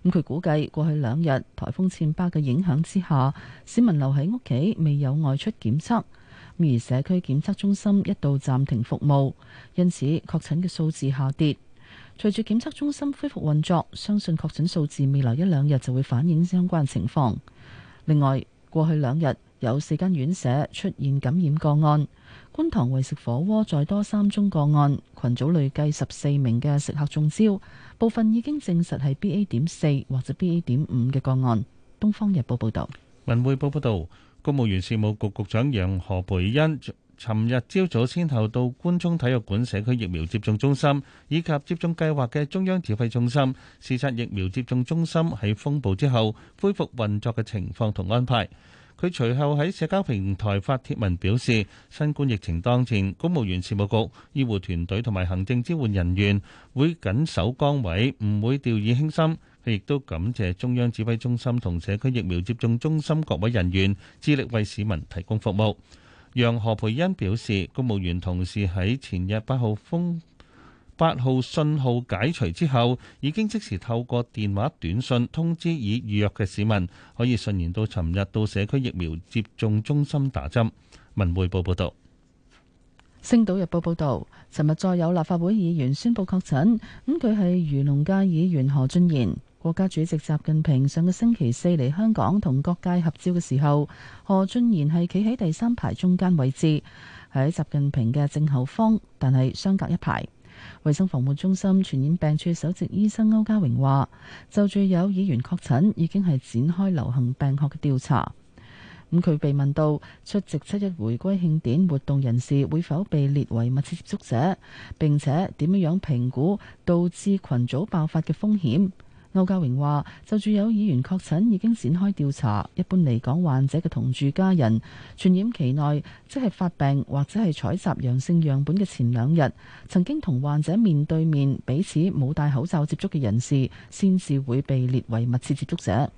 咁佢估計過去兩日台風暹芭嘅影響之下，市民留喺屋企，未有外出檢測。而社區檢測中心一度暫停服務，因此確診嘅數字下跌。隨住檢測中心恢復運作，相信確診數字未來一兩日就會反映相關情況。另外，過去兩日，有四間院舍出現感染個案，觀塘為食火鍋再多三宗個案，群組累計十四名嘅食客中招，部分已經證實係 B A. 點四或者 B A. 點五嘅個案。東方日報報道，文匯報報道，公務員事務局局,局長楊何培恩尋日朝早先後到官涌體育館社區疫苗接種中心以及接種計劃嘅中央指揮中心視察疫苗接種中心喺風暴之後恢復運作嘅情況同安排。佢隨後喺社交平台發帖文表示，新冠疫情當前，公務員事務局醫護團隊同埋行政支援人員會緊守崗位，唔會掉以輕心。佢亦都感謝中央指揮中心同社區疫苗接種中心各位人員，致力為市民提供服務。楊何培恩表示，公務員同事喺前日八號封。八號信號解除之後，已經即時透過電話、短信通知已預約嘅市民，可以順延到尋日到社區疫苗接種中心打針。文匯報報道，《星島日報》報道，尋日再有立法會議員宣布確診，咁佢係漁農界議員何俊賢。國家主席習近平上個星期四嚟香港同各界合照嘅時候，何俊賢係企喺第三排中間位置，喺習近平嘅正後方，但係相隔一排。衛生防護中心傳染病處首席醫生歐家榮話：就住有議員確診，已經係展開流行病學嘅調查。咁佢被問到出席七一回歸慶典活動人士會否被列為密切接觸者，並且點樣樣評估導致群組爆發嘅風險？歐家榮話：就住有議員確診，已經展開調查。一般嚟講，患者嘅同住家人傳染期內，即係發病或者係採集陽性樣本嘅前兩日，曾經同患者面對面彼此冇戴口罩接觸嘅人士，先至會被列為密切接觸者。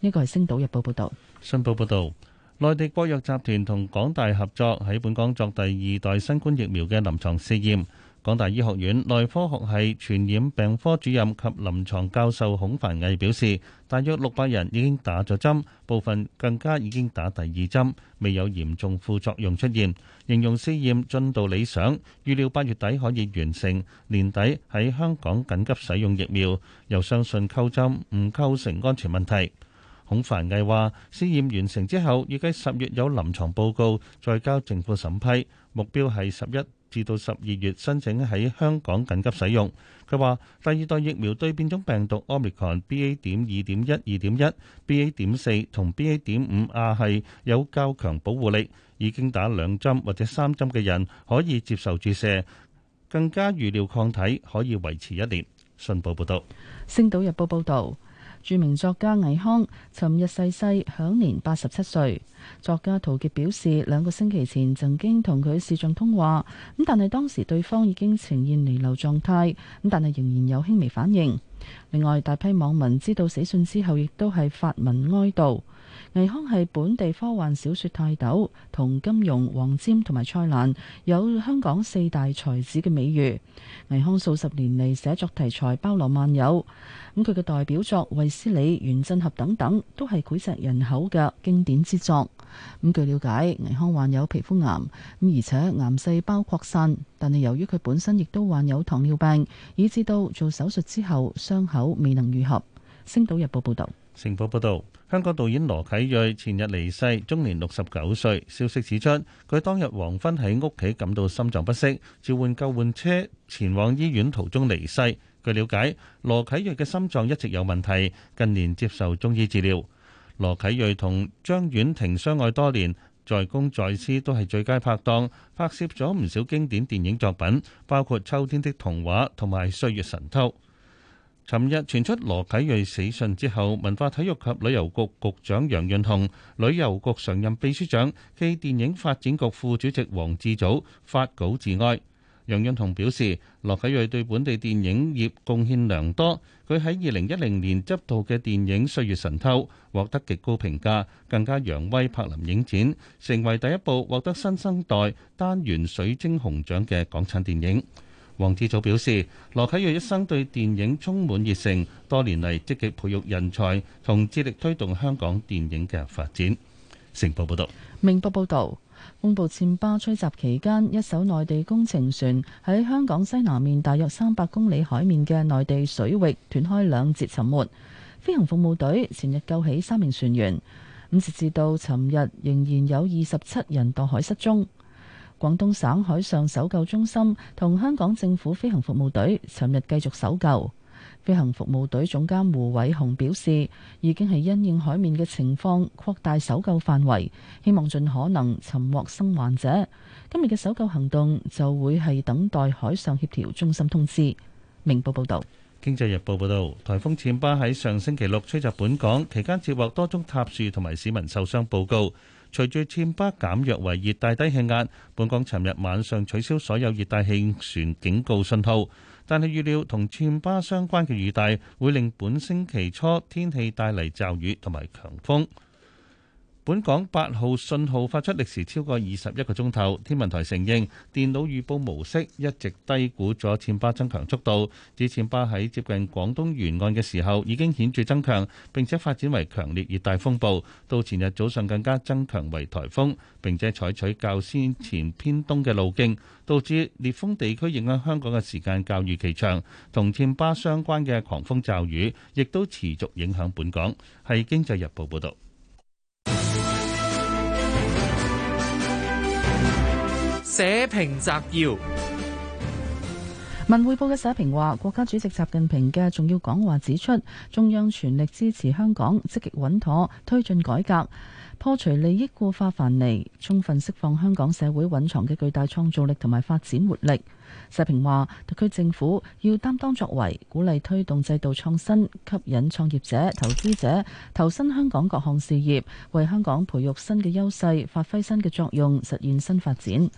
呢個係《星島日報》報道。《新報》報道，內地國藥集團同港大合作喺本港作第二代新冠疫苗嘅臨床試驗。港大醫學院內科學系傳染病科主任及臨床教授孔凡毅表示，大約六百人已經打咗針，部分更加已經打第二針，未有嚴重副作用出現。形容試驗進度理想，預料八月底可以完成，年底喺香港緊急使用疫苗。又相信溝針唔構成安全問題。孔凡毅話：試驗完成之後，要喺十月有臨床報告，再交政府審批，目標係十一。至到十二月申請喺香港緊急使用。佢話第二代疫苗對變種病毒 Omicron BA. 點二點一、二點一、BA. 點四同 BA. 點五亞係有較強保護力。已經打兩針或者三針嘅人可以接受注射。更加預料抗體可以維持一年。信報報道。星島日報報道。著名作家倪匡尋日逝世，世，享年八十七歲。作家陶傑表示，兩個星期前曾經同佢視像通話，咁但係當時對方已經呈現彌留狀態，咁但係仍然有輕微反應。另外，大批網民知道死訊之後，亦都係發文哀悼。倪匡係本地科幻小說泰斗，同金庸、黃霑同埋蔡瀾有香港四大才子嘅美譽。倪匡數十年嚟寫作題材包羅萬有，咁佢嘅代表作《衛斯理》《原振俠》等等都係膾炙人口嘅經典之作。咁據了解，倪匡患有皮膚癌，咁而且癌細胞擴散，但係由於佢本身亦都患有糖尿病，以至到做手術之後傷口未能愈合。《星島日報》報道。成報報道，香港導演羅啟銳前日離世，終年六十九歲。消息指出，佢當日黃昏喺屋企感到心臟不適，召喚救援車前往醫院途中離世。據了解，羅啟銳嘅心臟一直有問題，近年接受中醫治療。羅啟銳同張婉婷相愛多年，在公在私都係最佳拍檔，拍攝咗唔少經典電影作品，包括《秋天的童話》同埋《歲月神偷》。尋日傳出羅啟銳死訊之後，文化體育及旅遊局，局局長楊潤雄、旅遊局常任秘書長暨電影發展局副主席黃智祖發稿致哀。楊潤雄表示，羅啟銳對本地電影業貢獻良多，佢喺二零一零年執導嘅電影《歲月神偷》獲得極高評價，更加揚威柏林影展，成為第一部獲得新生代單元水晶熊獎嘅港產電影。王志祖表示，羅啟銳一生對電影充滿熱誠，多年嚟積極培育人才，同致力推動香港電影嘅發展。成報報道，明報報道，風暴暹芭吹襲期間，一艘內地工程船喺香港西南面大約三百公里海面嘅內地水域斷開兩截沉沒，飛行服務隊前日救起三名船員，咁直至到尋日仍然有二十七人墮海失蹤。廣東省海上搜救中心同香港政府飛行服務隊尋日繼續搜救。飛行服務隊總監胡偉雄表示，已經係因應海面嘅情況擴大搜救範圍，希望盡可能尋獲生還者。今日嘅搜救行動就會係等待海上協調中心通知。明報報導，《經濟日報》報導，颱風暹芭喺上星期六吹襲本港，期間接獲多宗塌樹同埋市民受傷報告。隨住暹芭減弱為熱帶低氣壓，本港尋日晚上取消所有熱帶氣旋警告信號，但係預料同暹芭相關嘅雨帶會令本星期初天氣帶嚟驟雨同埋強風。本港八號信號發出歷時超過二十一個鐘頭，天文台承認電腦預報模式一直低估咗暹芭增強速度。指暹芭喺接近廣東沿岸嘅時候已經顯著增強，並且發展為強烈熱帶風暴。到前日早上更加增強為颱風，並且採取較先前偏東嘅路徑，導致烈風地區影響香港嘅時間較預期長。同暹芭相關嘅狂風驟雨亦都持續影響本港。係《經濟日報》報導。社評摘要：文匯報嘅社評話，國家主席習近平嘅重要講話指出，中央全力支持香港，積極穩妥推進改革，破除利益固化藩籬，充分釋放香港社會蘊藏嘅巨大創造力同埋發展活力。社評話，特區政府要擔當作為，鼓勵推動制度創新，吸引創業者、投資者，投身香港各項事業，為香港培育新嘅優勢，發揮新嘅作用，實現新發展。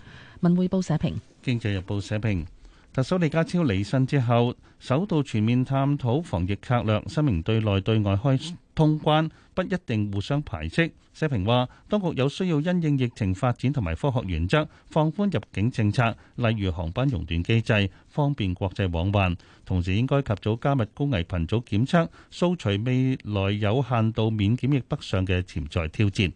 文匯報社評，《經濟日報》社評：特首李家超履新之後，首度全面探討防疫策略，聲明對內對外開通關不一定互相排斥。社評話，當局有需要因應疫情發展同埋科學原則放寬入境政策，例如航班熔斷機制，方便國際往還。同時應該及早加密高危群組檢測，掃除未來有限度免檢疫北上嘅潛在挑戰。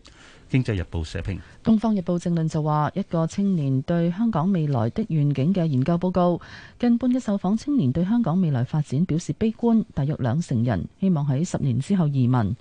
《經濟日報》社評，《東方日報》政論就話：一個青年對香港未來的願景嘅研究報告，近半嘅受訪青年對香港未來發展表示悲觀，大約兩成人希望喺十年之後移民。咁、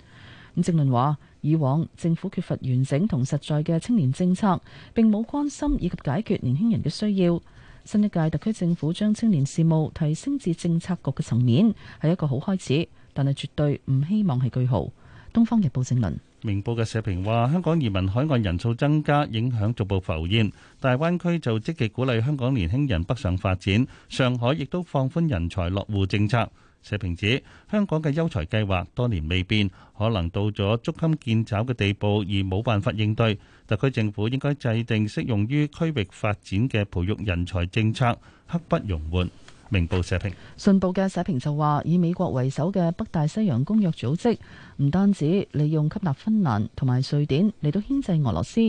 嗯、政論話：以往政府缺乏完整同實在嘅青年政策，並冇關心以及解決年輕人嘅需要。新一屆特區政府將青年事務提升至政策局嘅層面，係一個好開始，但係絕對唔希望係句號。《東方日報》政論。明報嘅社評話，香港移民海外人數增加，影響逐步浮現。大灣區就積極鼓勵香港年輕人北上發展，上海亦都放寬人才落戶政策。社評指，香港嘅優才計劃多年未變，可能到咗捉襟見肘嘅地步，而冇辦法應對。特區政府應該制定適用於區域發展嘅培育人才政策，刻不容緩。明報社評，信報嘅社評就話：以美國為首嘅北大西洋公約組織唔單止利用吸納芬蘭同埋瑞典嚟到牽制俄羅斯，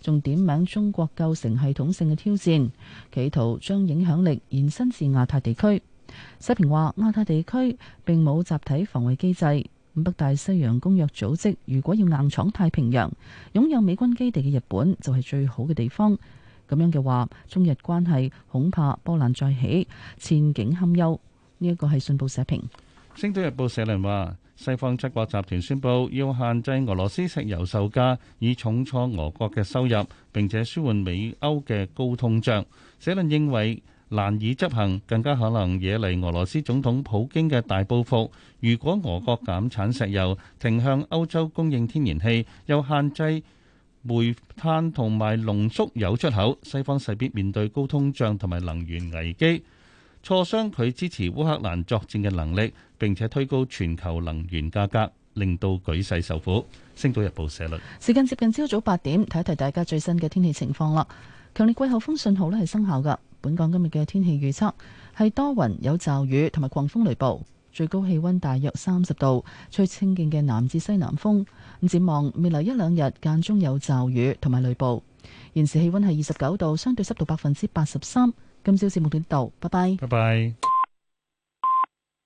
仲點名中國構成系統性嘅挑戰，企圖將影響力延伸至亞太地區。社評話亞太地區並冇集體防衛機制，北大西洋公約組織如果要硬闖太平洋，擁有美軍基地嘅日本就係最好嘅地方。咁樣嘅話，中日關係恐怕波瀾再起，前景堪憂。呢一個係信報社評，《星島日報》社論話：西方七國集團宣布要限制俄羅斯石油售價，以重挫俄國嘅收入，並且舒緩美歐嘅高通脹。社論認為難以執行，更加可能惹嚟俄羅斯總統普京嘅大報復。如果俄國減產石油，停向歐洲供應天然氣，又限制煤炭同埋濃縮鈾出口，西方勢必面對高通脹同埋能源危機，挫傷佢支持烏克蘭作戰嘅能力，並且推高全球能源價格，令到舉世受苦。星島日報社論。時間接近朝早八點，睇一睇大家最新嘅天氣情況啦。強烈季候風信號咧係生效噶，本港今日嘅天氣預測係多雲，有驟雨同埋狂風雷暴。最高氣溫大約三十度，吹清勁嘅南至西南風。咁展望未來一兩日間中有驟雨同埋雷暴。現時氣溫係二十九度，相對濕度百分之八十三。今朝節目到呢度，拜拜。拜拜。拜拜。